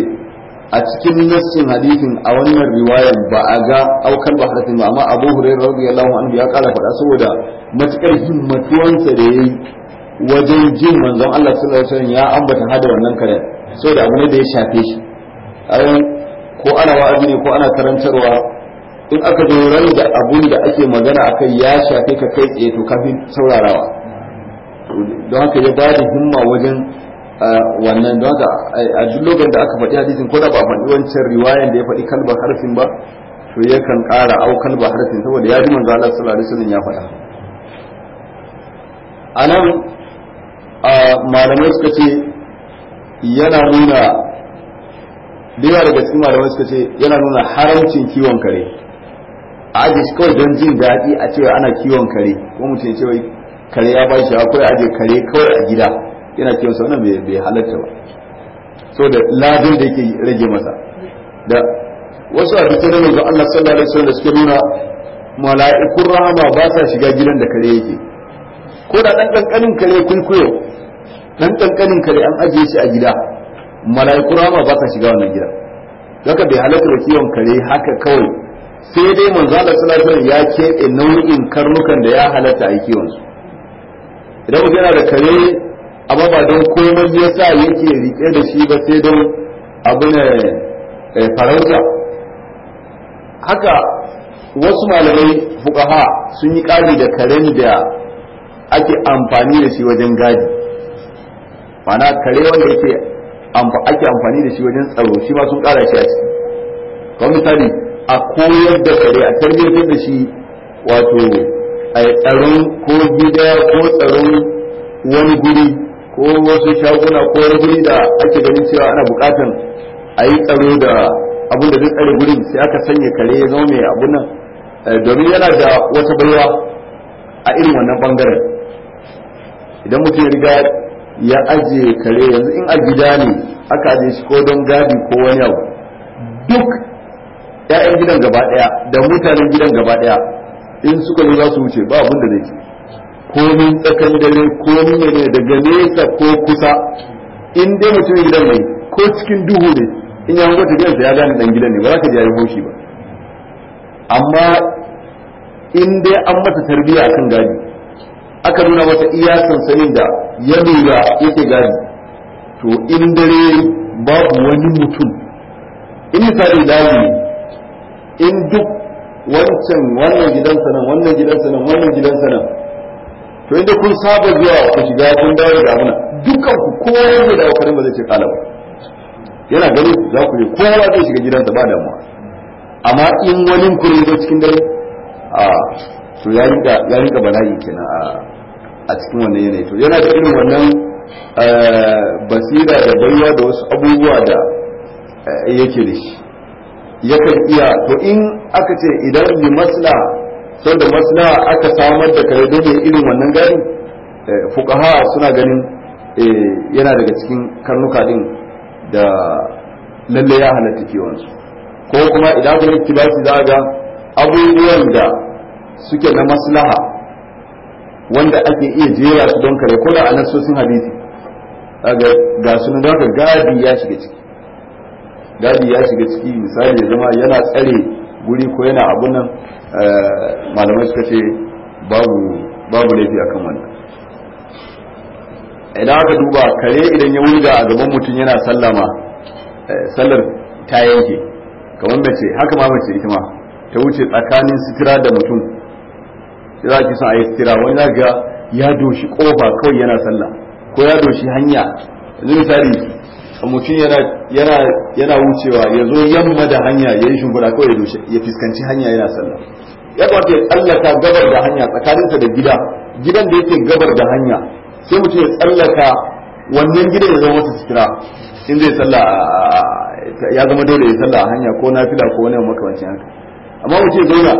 a cikin nassin hadithin a wannan riwayar ba a ga aukar ba harafin ba amma abu hurairar radiyallahu anhu ya kara faɗa saboda matukar himmatuwansa da yayi wajen jin manzon Allah sallallahu alaihi ya ambata hada wannan kare saboda abu ne da ya shafe shi ko ana wa'azi ne ko ana karantarwa in aka zo ran da abun da ake magana akai ya shafe ka kai tsaye to kafin saurarawa don haka ya ba da himma wajen wannan don haka a duk lokacin da aka faɗi hadisin ko da ba faɗi wancan riwayan da ya faɗi kalbar harfin ba to ya kan ƙara au kalbar harfin saboda ya ji manzo Allah sallallahu alaihi wasallam ya faɗa anan malamai suka ce yana nuna da yawa daga cikin malamai suka ce yana nuna haramcin kiwon kare Ajiye shi kawai don jin daɗi a cewa ana kiwon kare ko mutum ya ce wai kare ya ba shi akwai aje kare kawai a gida yana kiwon sa wannan bai halatta ba so da ladin da yake rage masa da wasu a cikin rana Allah sallallahu alaihi wasallam da suke nuna mala'ikun rahama ba sa shiga gidan da kare yake ko da dan kankanin kare kulkuyo dan kankanin kare an ajiye shi a gida mala'ikun rahama ba sa shiga wannan gida zaka bai halatta kiwon kare haka kawai sai dai manzo Allah ya keɓe nau'in karnukan da ya halatta a kiwon su idan mutum yana da kare amma ba don komai ya sa yake rike da shi ba sai don abu ne eh, farauta haka wasu malamai fukaha sun yi ƙari da karen da ake amfani da shi wajen gadi mana kare wanda ake amfani da shi wajen tsaro shi ma sun ƙara shi a ciki kamar misali a koyar da kare a tarbiyyar da shi wato a tsaron ko gida ko tsaron wani guri ko wasu shaguna ko wani guri da ake ganin cewa ana bukatan a yi tsaro da abin da zai tsare gurin sai aka sanya kare ya zama mai abun nan eh, domin yana da wata baiwa a irin wannan bangaren idan mutum ya riga ya ajiye kare yanzu in a gida ne aka ajiye shi ko don gadi ko wani abu ya'yan gidan gaba daya da mutanen gidan gaba daya in suka zo za su wuce ba abin da zai ce komin tsakan dare komin ne daga nesa ko kusa in dai mutum gidan ne ko cikin duhu ne in ya hango tafiyarsa ya gane dan gidan ne ba za ka ji ya hoshi ba amma in dai an mata tarbiyya akan gadi aka nuna masa iya sansanin da ya lura yake gadi to in dare babu wani mutum in misali dawo ne in duk wancan wannan gidansa nan wannan gidansa nan wannan gidansa nan to inda kun saba zuwa ku shiga kun dawo da abuna dukan ku kowa zai dawo karin ba zai ce kala yana ganin za ku je kowa zai shiga gidansa ba damuwa amma in wani ku ne cikin dare a to ya rika ya rika bala'i kenan a a cikin wannan yanayi to yana da irin wannan eh, basira da baiwa da wasu abubuwa da eh, yake da shi yakan iya to in aka ce idan yi masla sau da masla aka samar da kare dole irin wannan gani eh, fukaha suna ganin eh, yana daga cikin karnuka din da lalle ya halatta kewansu ko kuma idan aka yi za za ga abubuwan da suke na maslaha wanda ake iya jera su don kare kula a nasosin hadisi ga sunan da gadi ya shiga ciki gadi ya shiga ciki misali ya zama yana tsare guri ko yana abun nan eh, malamai suka ce babu laifi a kan wannan idan aka duba kare idan ya wuri a gaban mutum yana sallama eh, sallar ta yanke kamar mace haka ma mace ita ma ta wuce tsakanin sitira da mutum za ki son a yi sitira wani za ga ya doshi kofa kawai yana sallah ko ya doshi hanya yanzu misali mutum yana wucewa ya zo yamma da hanya ya yi shimfiɗa kawai ya fuskanci hanya yana sallah ya kamata ya tsallaka gabar da hanya tsakaninsa da gida gidan da yake gabar da hanya sai mutum ya tsallaka wannan gidan ya zama masa sutura in zai sallah ya zama dole ya sallah a hanya ko fila ko wani makamancin haka amma mutum ya zauna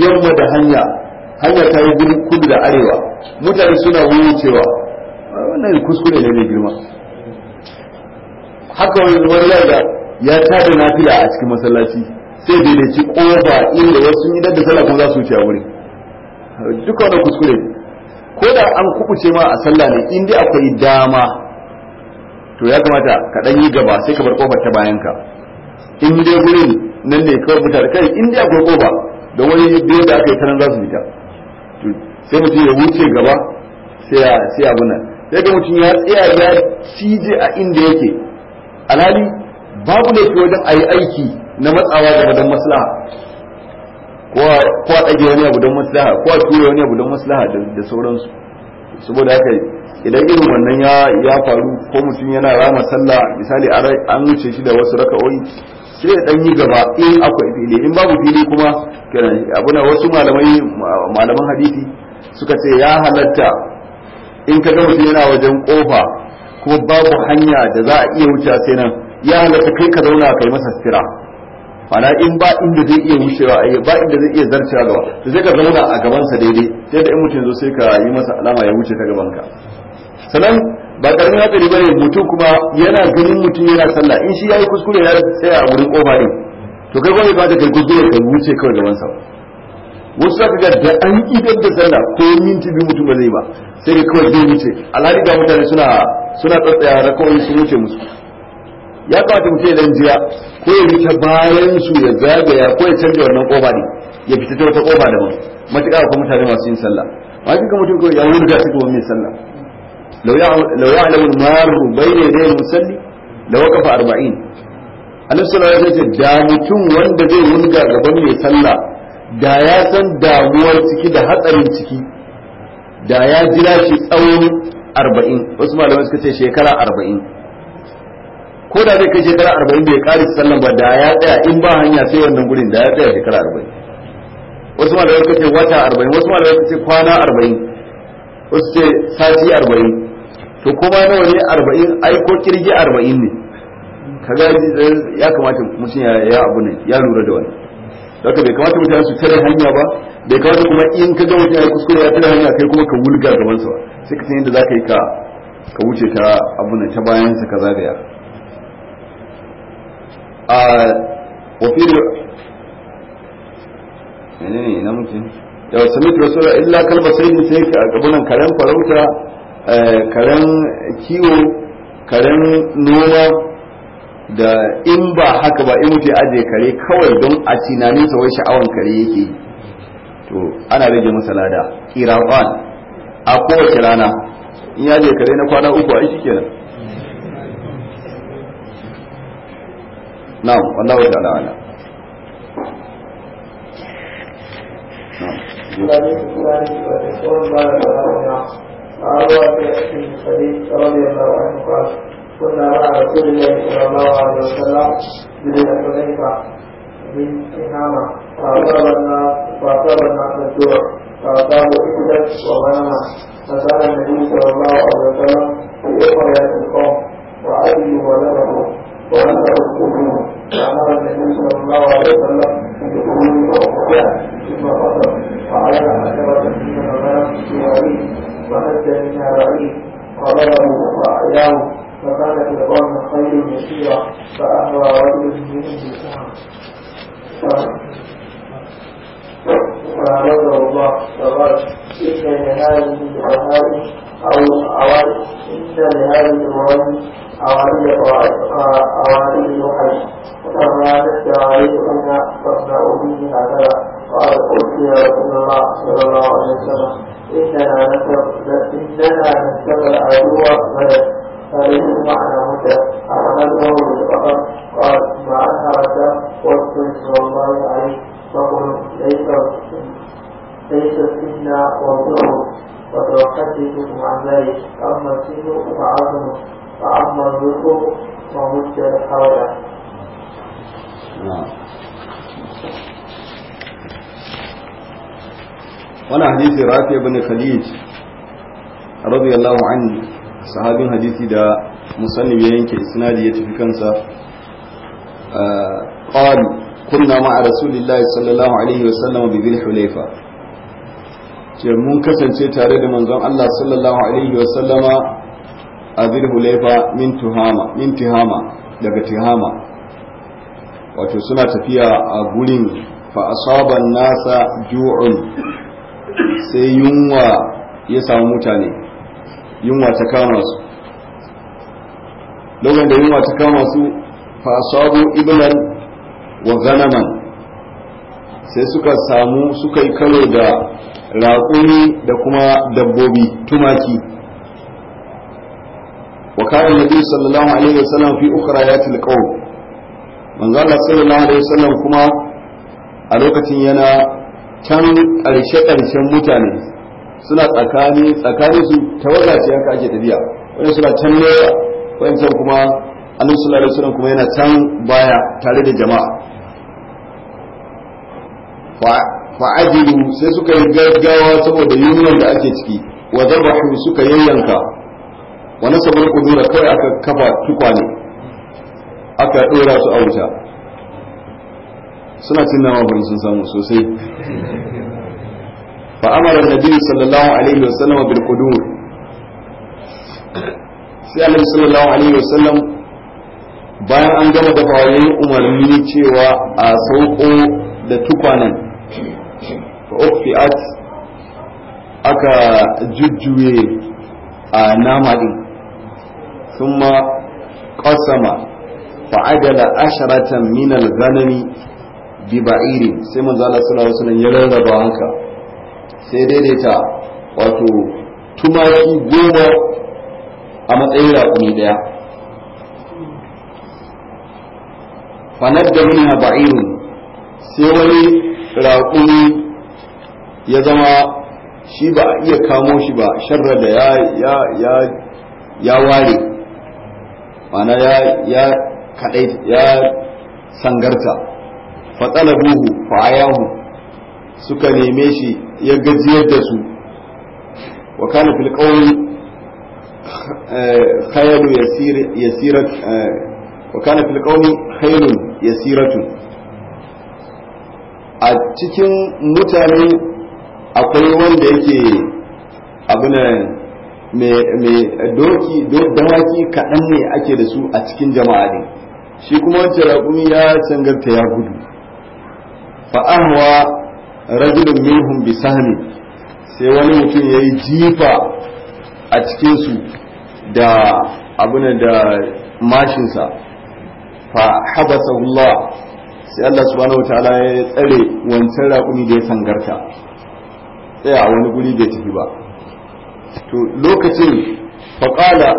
yamma da hanya hanya ta yi kudu da arewa mutane suna wucewa wannan kuskure ne mai girma haka wani yaya ya tada nafila a cikin masallaci sai ci ƙofa inda wasu yi da sallah kuma za su wuce a wuri duka wani kuskure ko da an kubuce ma a sallah ne inda akwai dama to ya kamata ka dan yi gaba sai ka bar kofar ta bayan ka in dai wurin nan ne kawai mutane kai in dai akwai kofa da wani biyu da aka yi tanan za su fita sai mutum ya wuce gaba sai ya abin nan sai ga mutum ya tsaya ya cije a inda yake alhali babu laifi wajen a yi aiki na matsawa ga don maslaha ko a ɗage wani abu don maslaha ko a ture wani abu don maslaha da sauransu saboda haka idan irin wannan ya faru ko mutum yana rama sallah misali an wuce shi da wasu raka'o'i sai ya ɗan yi gaba in akwai fili in babu fili kuma abuna wasu malamai malaman hadisi suka ce ya halatta in ka ga mutum yana wajen kofa ko babu hanya da za a iya wuce sai nan ya halatta kai ka zauna kai masa sira. mana in ba inda zai iya wucewa ba inda zai iya zarcewa gaba to sai ka zauna a gabansa daidai sai da in mutum zo sai ka yi masa alama ya wuce ta gabanka sannan ba karamin hatsari ne mutum kuma yana ganin mutum yana sallah in shi ya yi kuskure ya tsaya a wurin kofa ne to kai ne ba da kai kuskure ka wuce kawai gabansa ba wasu zaka ga da an idan da sallah ko minti biyu mutum ba zai ba sai dai kawai zai wuce alhali ga mutane suna suna tsatsaya na kawai sun wuce musu ya kawata mutum idan jiya ko ya fita bayan su ya zagaya ko ya canja wannan kofa ne ya fita ta wata kofa daban matuƙa ko mutane masu yin sallah ba kika mutum ko ya wurga su ga mai sallah law ya'lamu al-maru bayna yaday musalli da waqafa arba'in annabi sallallahu alaihi ce da mutum wanda zai wurga gaban mai sallah da ya san damuwar ciki da hatsarin ciki da ya jira shi tsawon arba'in wasu malamai suka ce shekara arba'in ko da zai kai shekara arba'in bai kare sallan ba da ya tsaya in ba hanya sai wannan gurin da ya tsaya shekara arba'in wasu malamai suka ce wata arba'in wasu malamai suka ce kwana arba'in wasu ce sati arba'in to kuma nawa ne arba'in ai ko kirgi arba'in ne kaga ya kamata mutum ya abu ne ya lura da wani haka bai kamata mutane su tare hanya ba bai kamata kuma in ka ga mutum ya kuskure ya tare hanya kai kuma ka wulga gaban sa sai ka san yadda zaka yi ka ka wuce ta abuna ta bayan sa ka zagaya a ne ne na mutum ya sami rasulullah illa kalba sai mu sai ka gabanin karen farauta eh, karen kiwo karen noma da in ba haka ba in mutu ajiye kare kawai don a tunanin sa wai sha'awan kare yake to ana rage masa lada kirafan a kowace rana in ya je kare na kwana uku a shi kenan na'am wallahu ta'ala ala na'am sunnah Rasulullah sallallahu alaihi wasallam jadi apa ini Pak bin Hama Rasulullah Rasulullah itu Rasul itu dan suaranya Rasul Nabi sallallahu alaihi wasallam itu pada kaum wa ayyu wa lahu wa lahu kubu Rasul Nabi sallallahu alaihi wasallam itu kubu ya semua kata Allah Taala kata Allah Taala kata Allah Taala kata Allah Taala kata Allah Taala kata فقال فرعون خير يسيرة فأهوى رجل منهم بالسهم فأعرضه الله فقال إن لهذه الرهائن أو أوائل إن لهذه الرهائن أوائل أوائل وحي وقد رأت عليه أن تصنع به هكذا قال قلت يا رسول الله صلى الله عليه وسلم إننا نتبع إننا نتبع العدو بلد فإن معنى قال عليه فقل ليس ليس وضعه عن ذلك أما السن فعظمه وأما الذكر فمد حوله نعم وانا حديث رافع بن خديج رضي الله عنه sahabin hadisi da musannif ya yanke isnadi ya tafi kansa qalu kunna ma'a rasulillahi sallallahu alaihi wa sallam bi dhil hulayfa ce mun kasance tare da manzon Allah sallallahu alaihi wa sallama a dhil hulayfa min tuhama min tihama daga tihama wato suna tafiya a gurin fa asaban nasa ju'un sai yunwa ya samu mutane yunwa ta kama su lokacin da yunwa ta kama su fa sabu iblan wa ghanaman sai suka samu suka yi karo da raƙumi da kuma dabbobi tumaki wa kana nabi sallallahu alaihi wasallam fi ukhrayatil qawm manzo Allah sallallahu alaihi wasallam kuma a lokacin yana can ƙarshe-ƙarshen mutane suna tsakani tsakani su tawaga ce haka ake tafiya wani suna can lewa wani can kuma annabi sallallahu alaihi suna kuma yana can baya tare da jama'a fa'ajilu sai suka yi gaggawa saboda yunwar da ake ciki wa zabahu suka yayyanka wa nasabar kudura kawai aka kafa tukwane aka dora su a wuta suna cin nama sun samu sosai فأمر النبي صلى sallallahu alaihi وسلم bil qudur sai صلى الله عليه وسلم bayan an gama da yayin umarni cewa a sauko da tukwanan fa ufiat aka jujjuye a nama din ma. qasama fa'adala asharatan min al-ghanami bi ba'iri sai manzo Allah sallallahu alaihi wasallam ya rarraba haka sai daidaita wato tumaki goma a matsayin raƙumi ɗaya fanar da muna ba'irin sai wani raƙumi ya zama shi ba a iya kamo shi ba sharra da ya ware mana ya kaɗai ya sangarta fatsala buhu fa'ayahu suka neme shi ya gajiyar da su wa kana fil qawli eh, khayru yasirat eh, wa kana fil qawli khayrun yasiratu a cikin mutane akwai wanda yake abinan mai doki dawaki kaɗan ne ake da su a cikin jama'a ne shi kuma wancan raƙumi ya sangarta ya gudu fa'ahwa رجل منهم بسهم sai wani mutum ya yi jifa a cikinsu da abin da mashinsa fa habasa Allah sai Allah subhanahu wataala ya tsare wancan raƙumi da ya sangarta tsaya a wani guri bai tafi ba to lokacin faƙala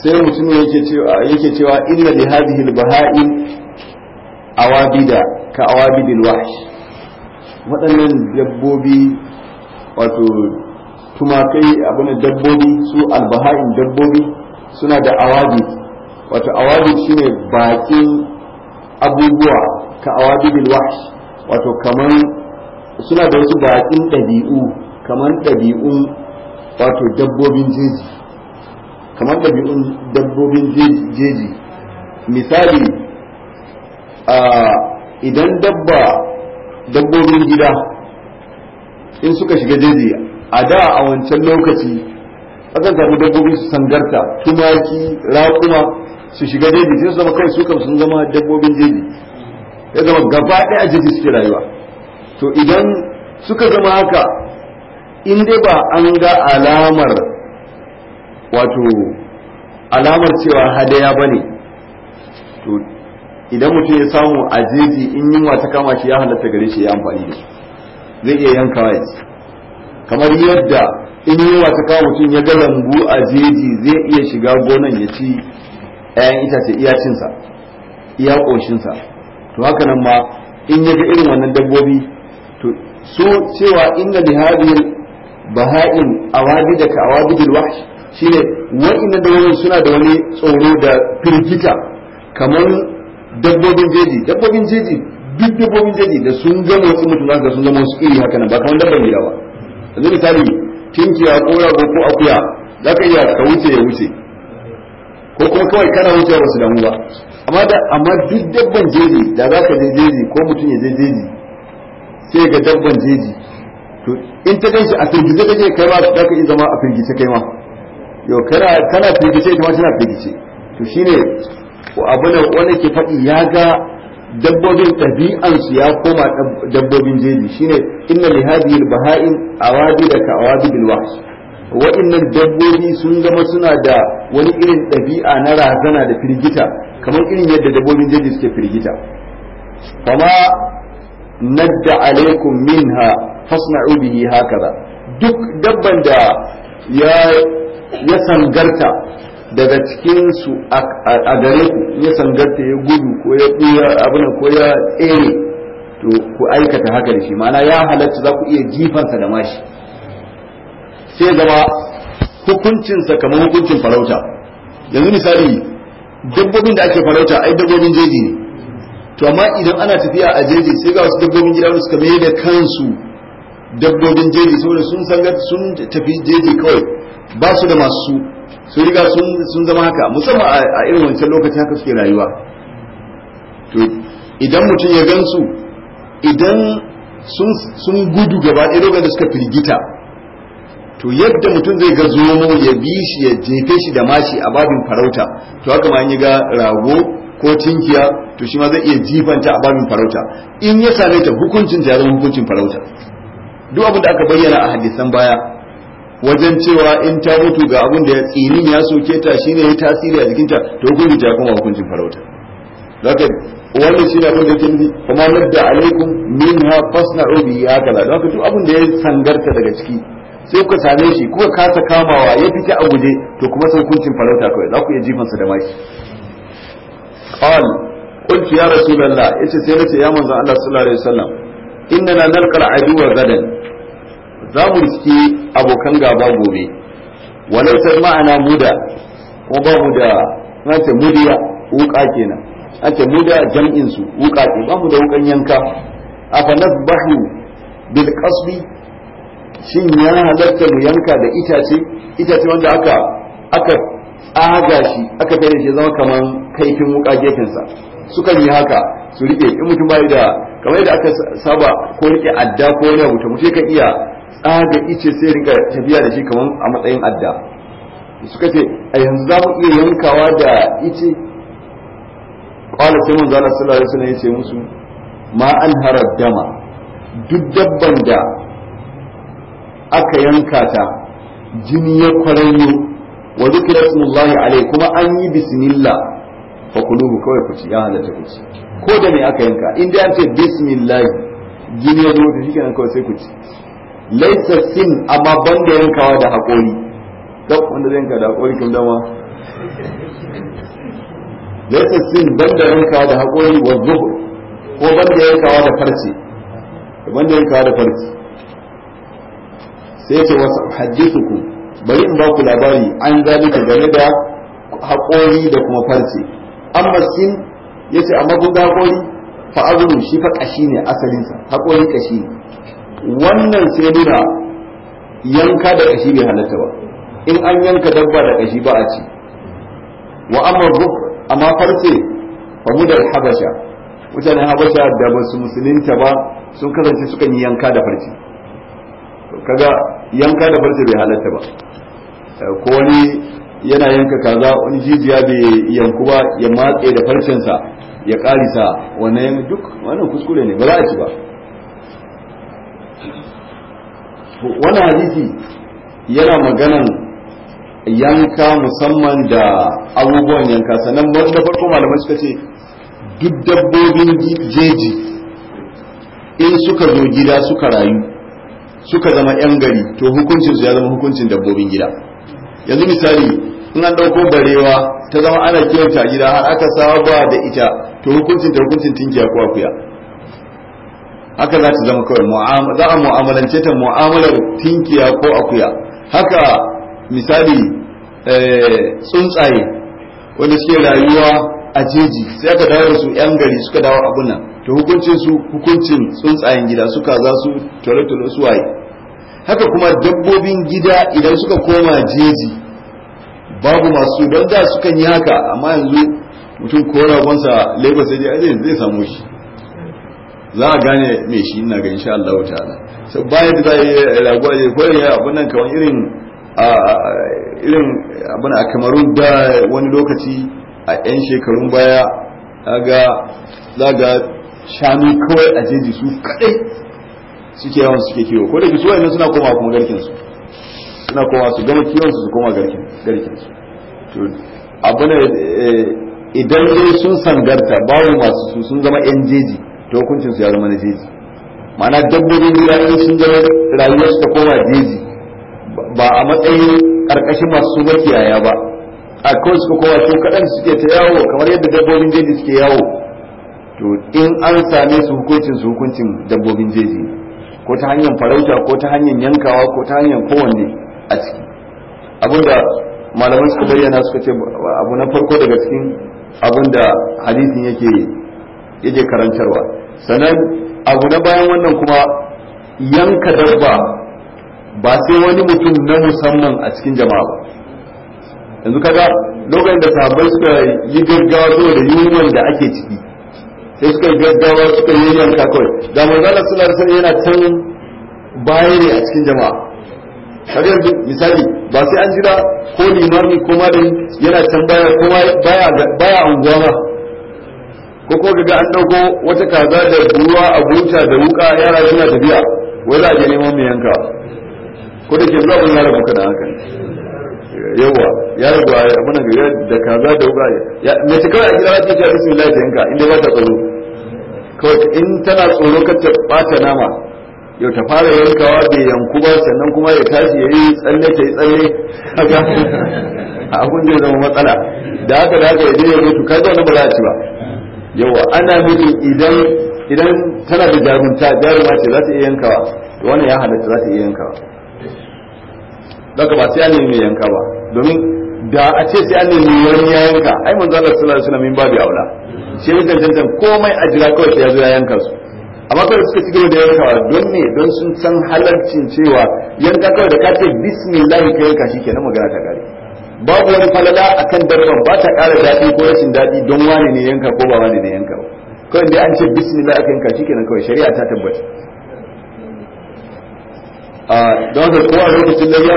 sai mutum yake cewa inna li hadhihi al bahai awabida ka awabidil wahsh waɗannan dabbobi wato tumakai abin dabbobi su albaha'in dabbobi suna da awadi. wato awadi shine bakin abubuwa ka bil wahsh wato kaman suna da wasu bakin ɗabi'u kaman ɗabi'un wato dabbobin jeji kamar ɗabi'un dabbobin jeji misali idan dabba dabbobin gida in suka shiga jeji a da a wancan lokaci akan samu dabbobin su sangarta tumaki raƙuma su shiga jeji sai su zama kai su sun zama dabbobin jeji ya zama gaba ɗaya a jeji suke rayuwa to idan suka zama haka in dai ba an ga alamar wato alamar cewa hadaya ba ne to idan mutum ya samu a jeji in yunwa ta kama shi ya halatta gare shi ya amfani da su zai iya yanka ya ci kamar yadda in yunwa ta kama mutum ya ga lambu a jeji zai iya shiga gonan ya ci 'ya'yan itace iya cinsa iya ƙoshinsa to haka nan ma in ya ga irin wannan dabbobi to so cewa inna li hadhihi baha'in awabida ka shi ne shine da wani suna da wani tsoro da firgita kamar dabbobin jeji dabbobin jeji duk dabbobin jeji da sun gama wasu mutum za sun zama wasu iri haka nan ba kamar dabban gida ba yanzu misali tinkiya ko rago ko akuya za ka iya ka wuce ya wuce ko kuma kawai kana wuce ba su damu ba amma da amma duk dabban jeji da za ka je jeji ko mutum ya je jeji sai ga dabban jeji to in ta shi a firgice kake kai ma za ka iya zama a firgice kai ma yau kana firgice ita ma tana firgice to shine abu da wanda ke faɗi ya ga dabbobin ɗabi'ansu ya koma dabbobin jeji shine inna li hadhihi al-baha'im awadi da ka'awadi bil dabbobi sun zama suna da wani irin ɗabi'a na razana da firgita kamar irin yadda dabbobin jeji suke firgita Kama nadda alaikum minha fasna'u bihi hakaza duk dabban da ya ya sangarta daga cikin su a gare ku ya sangarta ya gudu ko ya buya abin ko ya tsere to ku aikata haka da shi ma'ana ya halatta za ku iya jifansa da mashi sai zama hukuncinsa kamar hukuncin farauta yanzu misali dabbobin da ake farauta ai dabbobin jeji ne to amma idan ana tafiya a jeji sai ga wasu dabbobin gida wasu suka mai da kansu dabbobin jeji saboda sun san sun tafi jeji kawai ba su da masu sun riga sun zama haka musamman a irin wancan lokaci haka suke rayuwa to idan mutum ya gansu idan sun gudu gaba ɗaya lokacin da suka firgita to yadda mutum zai ga zomo ya bi shi ya jefe shi da mashi a babin farauta to haka ma yi ga rago ko tinkiya to shi ma zai iya jifanta a babin farauta in ya same ta hukuncin ta hukuncin farauta duk abin da aka bayyana a hadisan baya wajen cewa in ta mutu ga abin da ya tsinin ya soke ta shine ya tasiri a jikinta to hukunci ta kuma hukuncin farauta lakin wannan shine abin da yake nufi kuma nadda alaikum minha fasna'u bi akala lakin to abin da ya sangarta daga ciki sai kuka same shi kuka kasa kamawa ya fita a guje to kuma sai hukuncin farauta kawai za ku iya sa da maki قال قلت يا رسول الله إيش سيرتي يا من الله صلى الله عليه وسلم إننا نلقى العدو غدا za mu riski abokan gaba gobe sai ma'ana muda ko ba mu da nace mudiya wuka kenan nace muda jam'in su wuka ce ba mu da wukan yanka afanas nasbahu bil qasbi shin ya halatta mu yanka da itace itace wanda aka aka tsaga shi aka kai da shi zama kaman kaifin wuka sa sukan yi haka su rike in mutum bai da kamar yadda aka saba ko rike adda ko wani abu mutum ka iya tsaga ice sai rinka tafiya da shi kamar a matsayin adda suka ce a yanzu za mu iya yankawa da ice kwala sai mun zana sallallahu alaihi wasallam ya ce musu ma an harar dama duk dabban da aka yanka ta jini ya kwararyo wa zikra sallallahu alaihi kuma an yi bismillah fa kulubu kawai ku ci ya halatta ku ci ko da me aka yanka in dai an ce bismillah jini ya zo da shi kenan kawai sai ku ci laisa sin amma banda yankawa da haƙori duk wanda zai yanka da haƙori kan dama laisa sin banda yankawa da haƙori wa zuhur ko banda yankawa da farce banda yankawa da farce sai ce wasu ku bari in ba ku labari an zalika game da haƙori da kuma farce amma sin yace amma kun ga haƙori fa azuru shi fa kashi ne asalinsa haƙori kashi ne wannan sai nuna yanka da kashi bai halatta ba in an yanka dabba da kashi ba a ci wa amma zuf amma farce famudar habasha mutanen habasha da ba su musulunta ba sun kasance sukan yi yanka da farce kaga yanka da farce bai halatta ba eh, ko wani yana yanka kaza wani jijiya bai yanku ba ya matse da farcensa ya karisa wannan duk wannan kuskure ne ba za a ci ba wani hadisi yana maganan yanka musamman da abubuwan yanka sannan wanda farko malamai suka ce duk dabbobin jeji in suka zo gida suka rayu suka zama 'yan gari to hukuncinsu ya zama hukuncin dabbobin gida yanzu misali in an ɗauko barewa ta zama ana kiranta gida har aka saba da ita to hukuncin ta hukuncin tinkiya kuwa akuya haka za ta zama kawai za a mu'amalance ta mu'amalar tinkiya ko akuya haka misali eh, tsuntsaye wanda suke rayuwa a jeji sai aka dawo da su yan gari suka dawo abun nan to hukuncin su hukuncin tsuntsayen gida suka za su tore su waye haka kuma dabbobin gida idan suka koma jeji babu masu don da sukan yi haka amma yanzu mutum ko ragonsa lagos sai dai zai samu shi za a gane me shi ina ga insha Allah ta'ala so baya da zai eh, rago ya koyi abun nan kawai irin a irin abun a kamaru da wani lokaci a yan shekarun baya ga za ga shanu kawai a jeji su kadai suke yawan suke kiwo ko da su wayannan suna koma kuma garkin su suna koma su gama kiwon su su koma garkin garkin su to abun eh, idan dai sun sangarta babu masu su sun zama yan jeji to hukuncin su ya zama na jeji ma'ana dabbobin gida in sun zama rayuwar su ta koma jeji ba a matsayin karkashin masu makiyaya ba a kawai suka koma su kaɗan suke ta yawo kamar yadda dabbobin jeji suke yawo to in an same su hukuncin su hukuncin dabbobin jeji ko ta hanyar farauta ko ta hanyar yankawa ko ta hanyar kowanne a ciki abinda malaman suka bayyana suka ce abu na farko daga cikin abinda hadisin yake yake karantarwa sannan abu na bayan wannan kuma yanka dabba ba sai wani mutum na musamman a cikin jama'a ba yanzu kaga lokacin da sahabbai suka yi gaggawa saboda yunwan da ake ciki sai suka yi gaggawa suka yi yanka kawai da manzala suna da yana can bayan a cikin jama'a har yanzu misali ba sai an jira ko limami ko malami yana can baya ko baya unguwa ba ko kuma kaga an dauko wata kaza da ruwa a buta da wuka yara suna tafiya wai za a je neman mai yanka ko da ke zuwa mun yara muka da haka yawa ya rabu a mana gari da kaza da wuka ya mace kawai a gida za ta ce bismillah ta yanka inda ba ta tsaro kawai in tana tsoro ka ta bata nama yau ta fara yankawa da yanku ba sannan kuma ya tashi ya yi tsalle ta yi tsalle a abun zai zama matsala da haka da haka ya je ya mutu kaga wani ba za a ci ba yawa ana miji idan idan tana da jarumta jaruma ce za ta iya yankawa wannan ya halatta za ta iya yankawa daga ba sai an nemi yanka ba domin da a ce sai an nemi wani ya yanka ai manzo Allah sallallahu alaihi wasallam ba bi aula shi ne dan komai a jira kawai sai ya zo ya yanka su amma kawai suka ci gaba da yankawa don ne don sun san halarcin cewa yanka kawai da ka ce bismillah ka yanka shi kenan magana ta gare babu wani falala akan darban ba ta ƙara daɗi ko rashin daɗi don wani ne yanka ko ba wani ne yanka ba kawai dai an ce bismillah aka yanka shikenan kawai shari'a ta tabbata a don haka kowa lokacin layya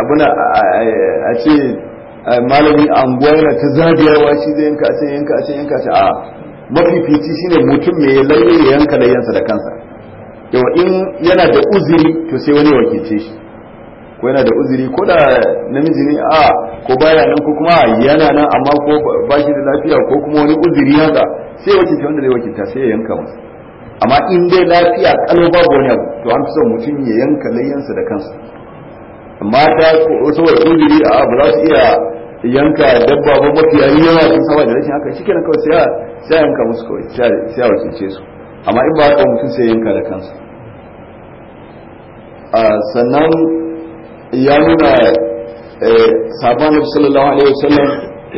abuna a ce malami anguwa yana ta zagayawa shi zai yanka a can yanka a can yanka a a mafifici shine mutum mai layya ya yanka layyansa da kansa yawa in yana da uzuri to sai wani wakilce shi ko yana da uzuri ko da namiji ne a ko baya nan ko kuma yana nan amma ko ba shi da lafiya ko kuma wani uzuri haka sai ce wanda zai wakilta sai ya yanka masa amma in dai lafiya kalau babu wani abu to an fi son mutum ya yanka layyansa da kansa mata saboda uzuri a abu za su iya yanka dabba ba mafiya yawa sun saba da rashin haka shi kenan kawai sai sai yanka musu kawai sai wakilce su amma in ba haka mutum sai yanka da kansa sannan ya nuna eh, sabon sallallahu alaihi wasallam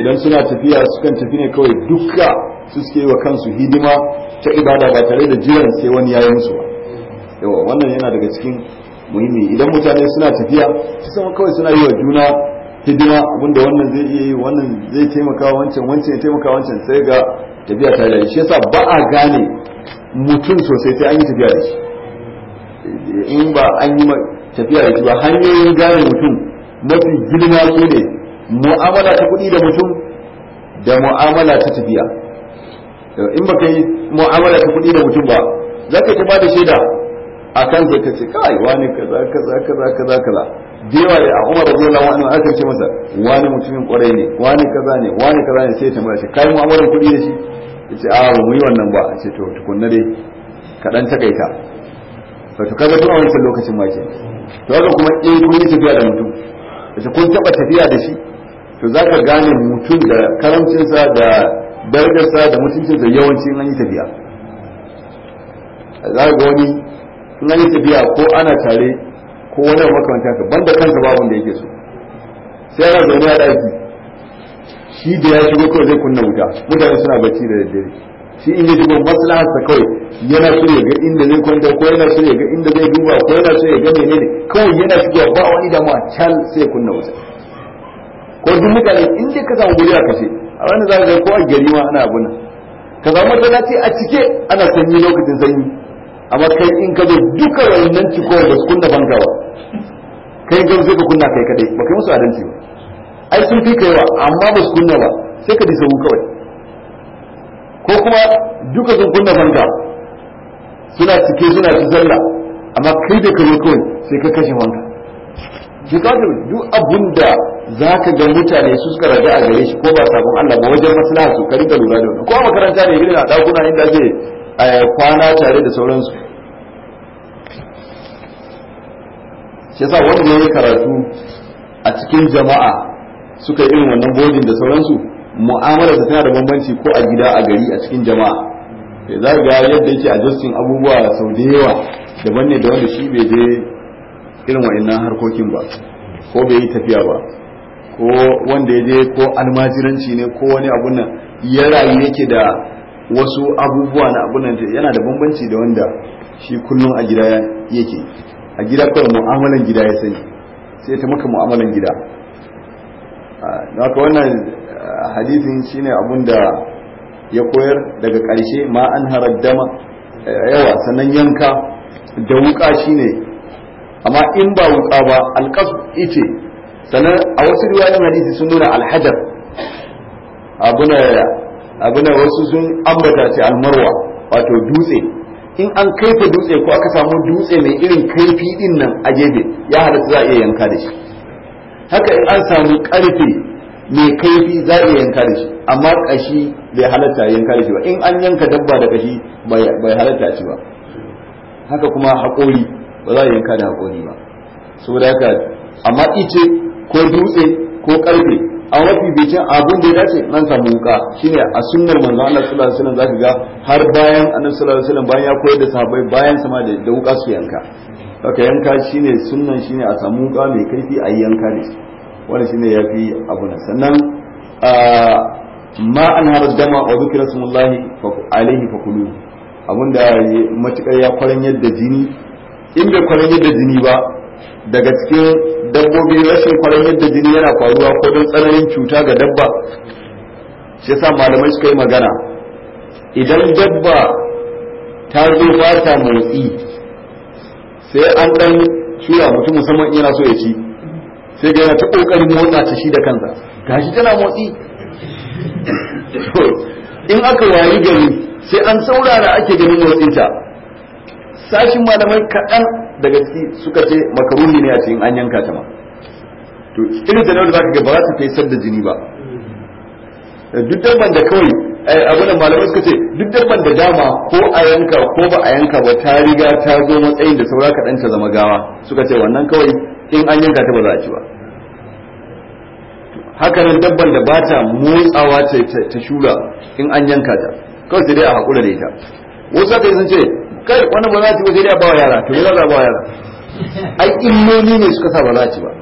idan suna tafiya sukan tafi ne kawai dukka su suke wa kansu hidima ta ibada ba tare da jiran sai wani yi musu ba yawa wannan yana daga cikin muhimmi idan mutane suna tafiya su sama kawai suna yi wa juna hidima abinda wannan zai iya yi wannan zai taimaka wancan wancan ya taimaka wancan sai ga tafiya ta da shi yasa ba a gane mutum sosai sai an yi tafiya da shi in ba an yi tafiya da shi ba hanyoyin gane mutum mafi girma su ne mu'amala ta kuɗi da mutum da mu'amala ta tafiya in baka yi mu'amala ta kuɗi da mutum ba za ka ta bada shaida a kan sai ka ce kai wani kaza kaza kaza kaza kaza dewa da Umar radiyallahu wani aka ce masa wani mutumin kwarai ne wani kaza ne wani kaza ne sai ta mura shi kai mu'amalar kuɗi da shi yace a ah, ba mu yi wannan ba a ce to tukunna dai kaɗan takaita to kaza tun a wancan lokacin ma kenan to haka kuma in kun yi tafiya da mutum da kun taɓa tafiya da shi to za ka gane mutum da karamcinsa da darajarsa da da yawanci in yi tafiya za ga wani in yi tafiya ko ana tare ko wani makamanta ka banda kansa babun da yake so sai ana zaune a ɗaki shi da ya shigo kawai zai kunna wuta mutane suna bacci da daddare shi in ya duba maslaharsa kawai yana so ya ga inda zai kwanta ko yana so ya ga inda zai duba ko yana so ya ga menene kawai yana shigowa ba wani damuwa can sai kunna wuta ko duk mutane in dai ka samu guri a kashe a wani za ka ko a gari ma ana abuna ka samu masallaci a cike ana sanyi lokacin sanyi amma kai in ka zo duka wannan cikowar ba su kunna banka ba kai gan zai ka kunna kai kadai ba kai musu adalci ba ai sun fi kaiwa amma ba su kunna ba sai ka bi sahu kawai ko kuma duka sun kunna manga suna cike suna ci zalla amma kai da kai kawai sai ka kashe manga shi duk abun da za ka ga mutane su suka raja a gare shi ko ba sabon Allah ba wajen maslaha su ka da lura da wannan ko makaranta ne irin a dakuna inda ake kwana tare da sauransu shi yasa wanda ya karatu a cikin jama'a suka yi irin wannan bodin da sauransu mu'amala tana da bambanci ko a gida a gari a cikin jama'a eh, za ga yadda yake adjusting abubuwa sau da yawa daban ne da wanda shi bai je irin wa'annan harkokin ba ko bai yi tafiya ba ko wanda ya je ko almajiranci ne ko wani abun nan ya rayu yake da wasu abubuwa na abun nan yana da bambanci da wanda shi kullum a gida yake a gida kawai mu'amalan gida ya sani sai ta maka mu'amalan gida ah, haka wannan hadisin shine abun da ya koyar daga karshe ma an harar dama yawa sannan yanka da wuka shine amma in ba wuka ba alƙasu ice sannan a wasu riwayoyin hadisi sun nuna alhajar abuna wasu sun ambata ce almarwa wato dutse in an kaifa dutse ko aka samu dutse mai irin kaifi din nan a jebe ya halatta za a iya yanka da shi haka in an samu ƙarfe mai kaifi za a yanka da shi amma kashi bai halatta yanka da shi ba in an yanka dabba da kashi bai halatta ci ba haka kuma haƙori ba za a yanka da haƙori ba da haka amma ice ko dutse ko karfe a mafi bicin abin da ya dace nan samu wuka shine a sunnar manzon Allah sallallahu alaihi wasallam zaka ga har bayan annabi sallallahu alaihi wasallam bayan ya koyar da sahabbai bayan sama da da wuka su yanka haka yanka shine sunnan shine a samu wuka mai kaifi a yanka ne wani shine fi abu na sannan ma an hada dama wa zikra smullahi alaihi fa kulu abinda matukar ya kwaran yadda jini in bai kwaran yadda jini ba daga cikin dabbobi rashin kwaran yadda jini yana faruwa ko don tsananin cuta ga dabba shi sa malamai suka yi magana idan dabba ta zo ba ta motsi sai an ɗan shura mutum musamman yana so ya ci sai ga yana ta kokarin motsa ta shi da kansa gashi tana motsi in aka wayi gari sai an saurara ake ganin ta sashin malamai kaɗan daga ciki suka ce makaruni ne a cikin an yanka ta ma to irin da da zaka ga ba za ta kai da jini ba duk dabban da kawai eh, abin da malamai suka ce duk dabban da dama ko a yanka ko ba a yanka ba ta riga ta zo matsayin da saura kaɗan ta zama gawa suka ce wannan kawai in an yanka ta ba za a ci ba hakanan dabban da ba ta motsawa ta shura in an yanka ta kawai sai dai a haƙura da ita wasu aka yi sun ce kai wani ba za ta yi sai dai a bawa yara to ya za a bawa yara ai illoli ne suka sa ba za ci ba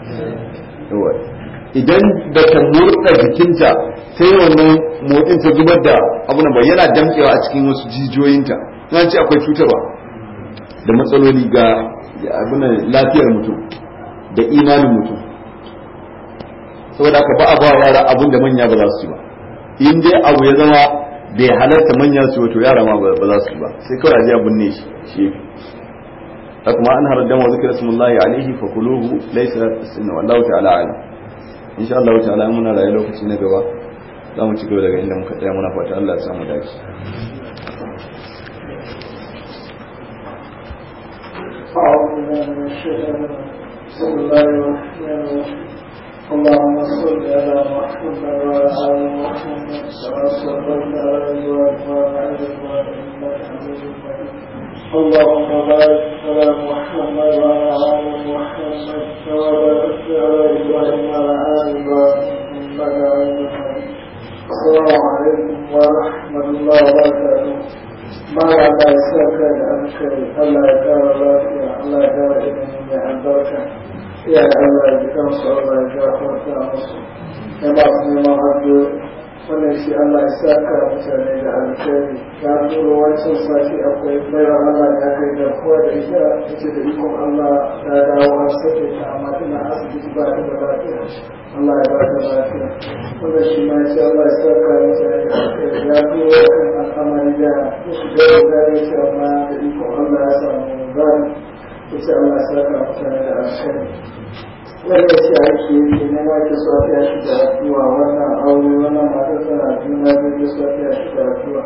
idan da ta motsa jikinta ta yi wannan motsin ta zubar da abu ba yana damkewa a cikin wasu jijiyoyinta na ce akwai ba. da matsaloli ga abin lafiyar mutum da imanin mutum saboda ka ba a ba yara abin da manya ba za su ci ba in dai abu ya zama bai halarta manya su wato yara ma ba za su ci ba sai kawai aje abin ne shi shi ta kuma an harar dama zikira sumullahi alaihi fa kuluhu laisa sunna wallahu ta'ala alim insha Allah ta'ala muna rayu lokaci na gaba za mu ci gaba daga inda muka tsaya muna fata Allah ya samu dace بسم الله الرحمن الرحيم اللهم صل على محمد وعلى آل محمد كما الله على إبراهيم وعلى آل إبراهيم إنك اللهم بارك على محمد وعلى آل محمد كما الله على السلام عليكم ورحمة الله وبركاته مرحبا ساكن أنكر الله يدار الله الله يدار إلى البركة ya kan su ya masu neman addu'o wannan shi Allah ya saka mutane da alkhairi ta turo wancan sati akwai bayan Allah ya kai da kowa da ita ita da ikon Allah ta dawo har sake ta amma tana asibiti ba ta da lafiya Allah ya ba ta lafiya wannan shi ma shi Allah ya saka mutane da alkhairi ya turo kan al'amari da su da ya ce amma da ikon Allah ya samu gani yace Allah ya saka mutane da alkhairi wanda ce ake yi na wata safiya shi da rasuwa wannan aure wannan matar tana juna biyu safiya shi da rasuwa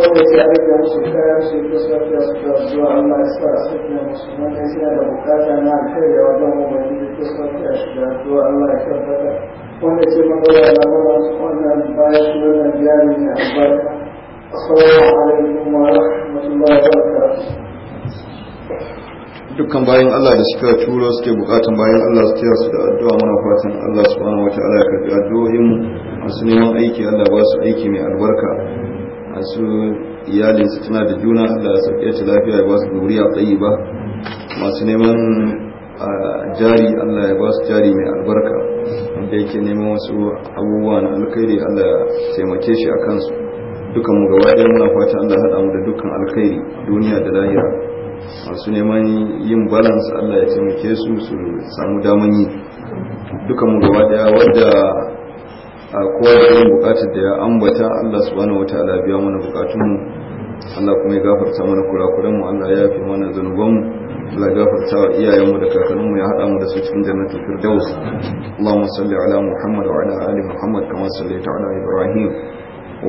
wanda ce a rika musu kayan su ta safiya da rasuwa Allah ya sa su da musu wanda suna da bukata na alkhairi a wajen ubangiji ta shi da rasuwa Allah ya tabbata wanda ce magana na wannan bayan shi wannan jari ne albarka السلام عليكم ورحمة dukkan bayan Allah da suka turo suke bukatan bayan Allah su taya su da addu'a muna fatan Allah subhanahu ta'ala ya karbi addu'o'in mu masu neman aiki Allah ba su aiki mai albarka masu iyalin su tana da juna Allah ya sauke ta lafiya ya ba su duriya ba masu neman jari Allah ya ba su jari mai albarka wanda yake neman wasu abubuwa na alkhairi Allah ya taimake shi a kansu dukkan mu gaba ɗaya muna fata Allah ya haɗa mu da dukkan alkhairi duniya da lahira masu neman yin balance Allah ya taimake su su samu daman yi duka mu gaba daya wadda a kowa bukatar da ya ambata Allah bane wata biya mana bukatun mu Allah kuma ya gafarta mana kurakuren mu Allah ya yafe mana zanuban mu Allah ya gafarta wa iyayen mu da kakannin mu ya hada mu da su cikin jannatul firdaus Allahumma salli ala Muhammad wa ala ali Muhammad kama sallaita ala Ibrahim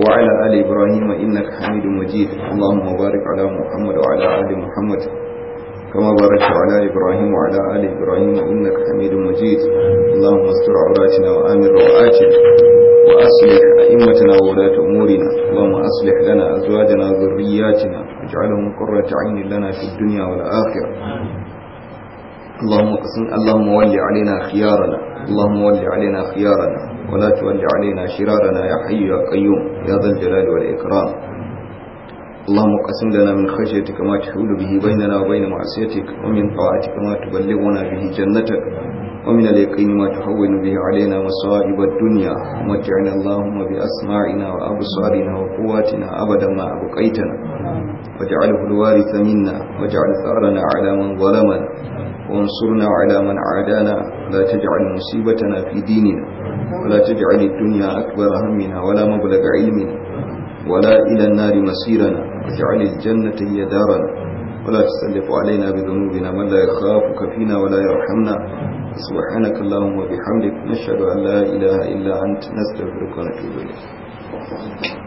وعلى آل إبراهيم إنك حميد مجيد اللهم بارك على محمد وعلى آل محمد كما باركت على إبراهيم وعلى آل إبراهيم إنك حميد مجيد اللهم استر عوراتنا وآمن روآتنا وأصلح أئمتنا وولاة أمورنا اللهم أصلح لنا أزواجنا وذرياتنا واجعلهم قرة عين لنا في الدنيا والآخرة اللهم قسم اللهم ول علينا خيارنا اللهم ول علينا خيارنا ولا تول علينا شرارنا يا حي يا قيوم يا ذا الجلال والإكرام اللهم قسم لنا من خشيتك ما تحول به بيننا وبين معصيتك ومن طاعتك ما تبلغنا به جنتك ومن اليقين ما تهون به علينا مصائب الدنيا ومتعنا اللهم بأسماعنا وأبصارنا وقواتنا أبدا ما أبقيتنا واجعله الوارث منا واجعل ثأرنا على من ظلمنا وانصرنا على من عادانا لا تجعل مصيبتنا في ديننا ولا تجعل الدنيا أكبر همنا ولا مبلغ علمنا ولا إلى النار مصيرنا واجعل الجنة هي دارنا ولا تسلف علينا بذنوبنا من لا يخافك فينا ولا يرحمنا سبحانك اللهم وبحمدك نشهد أن لا إله إلا أنت نستغفرك ونتوب إليك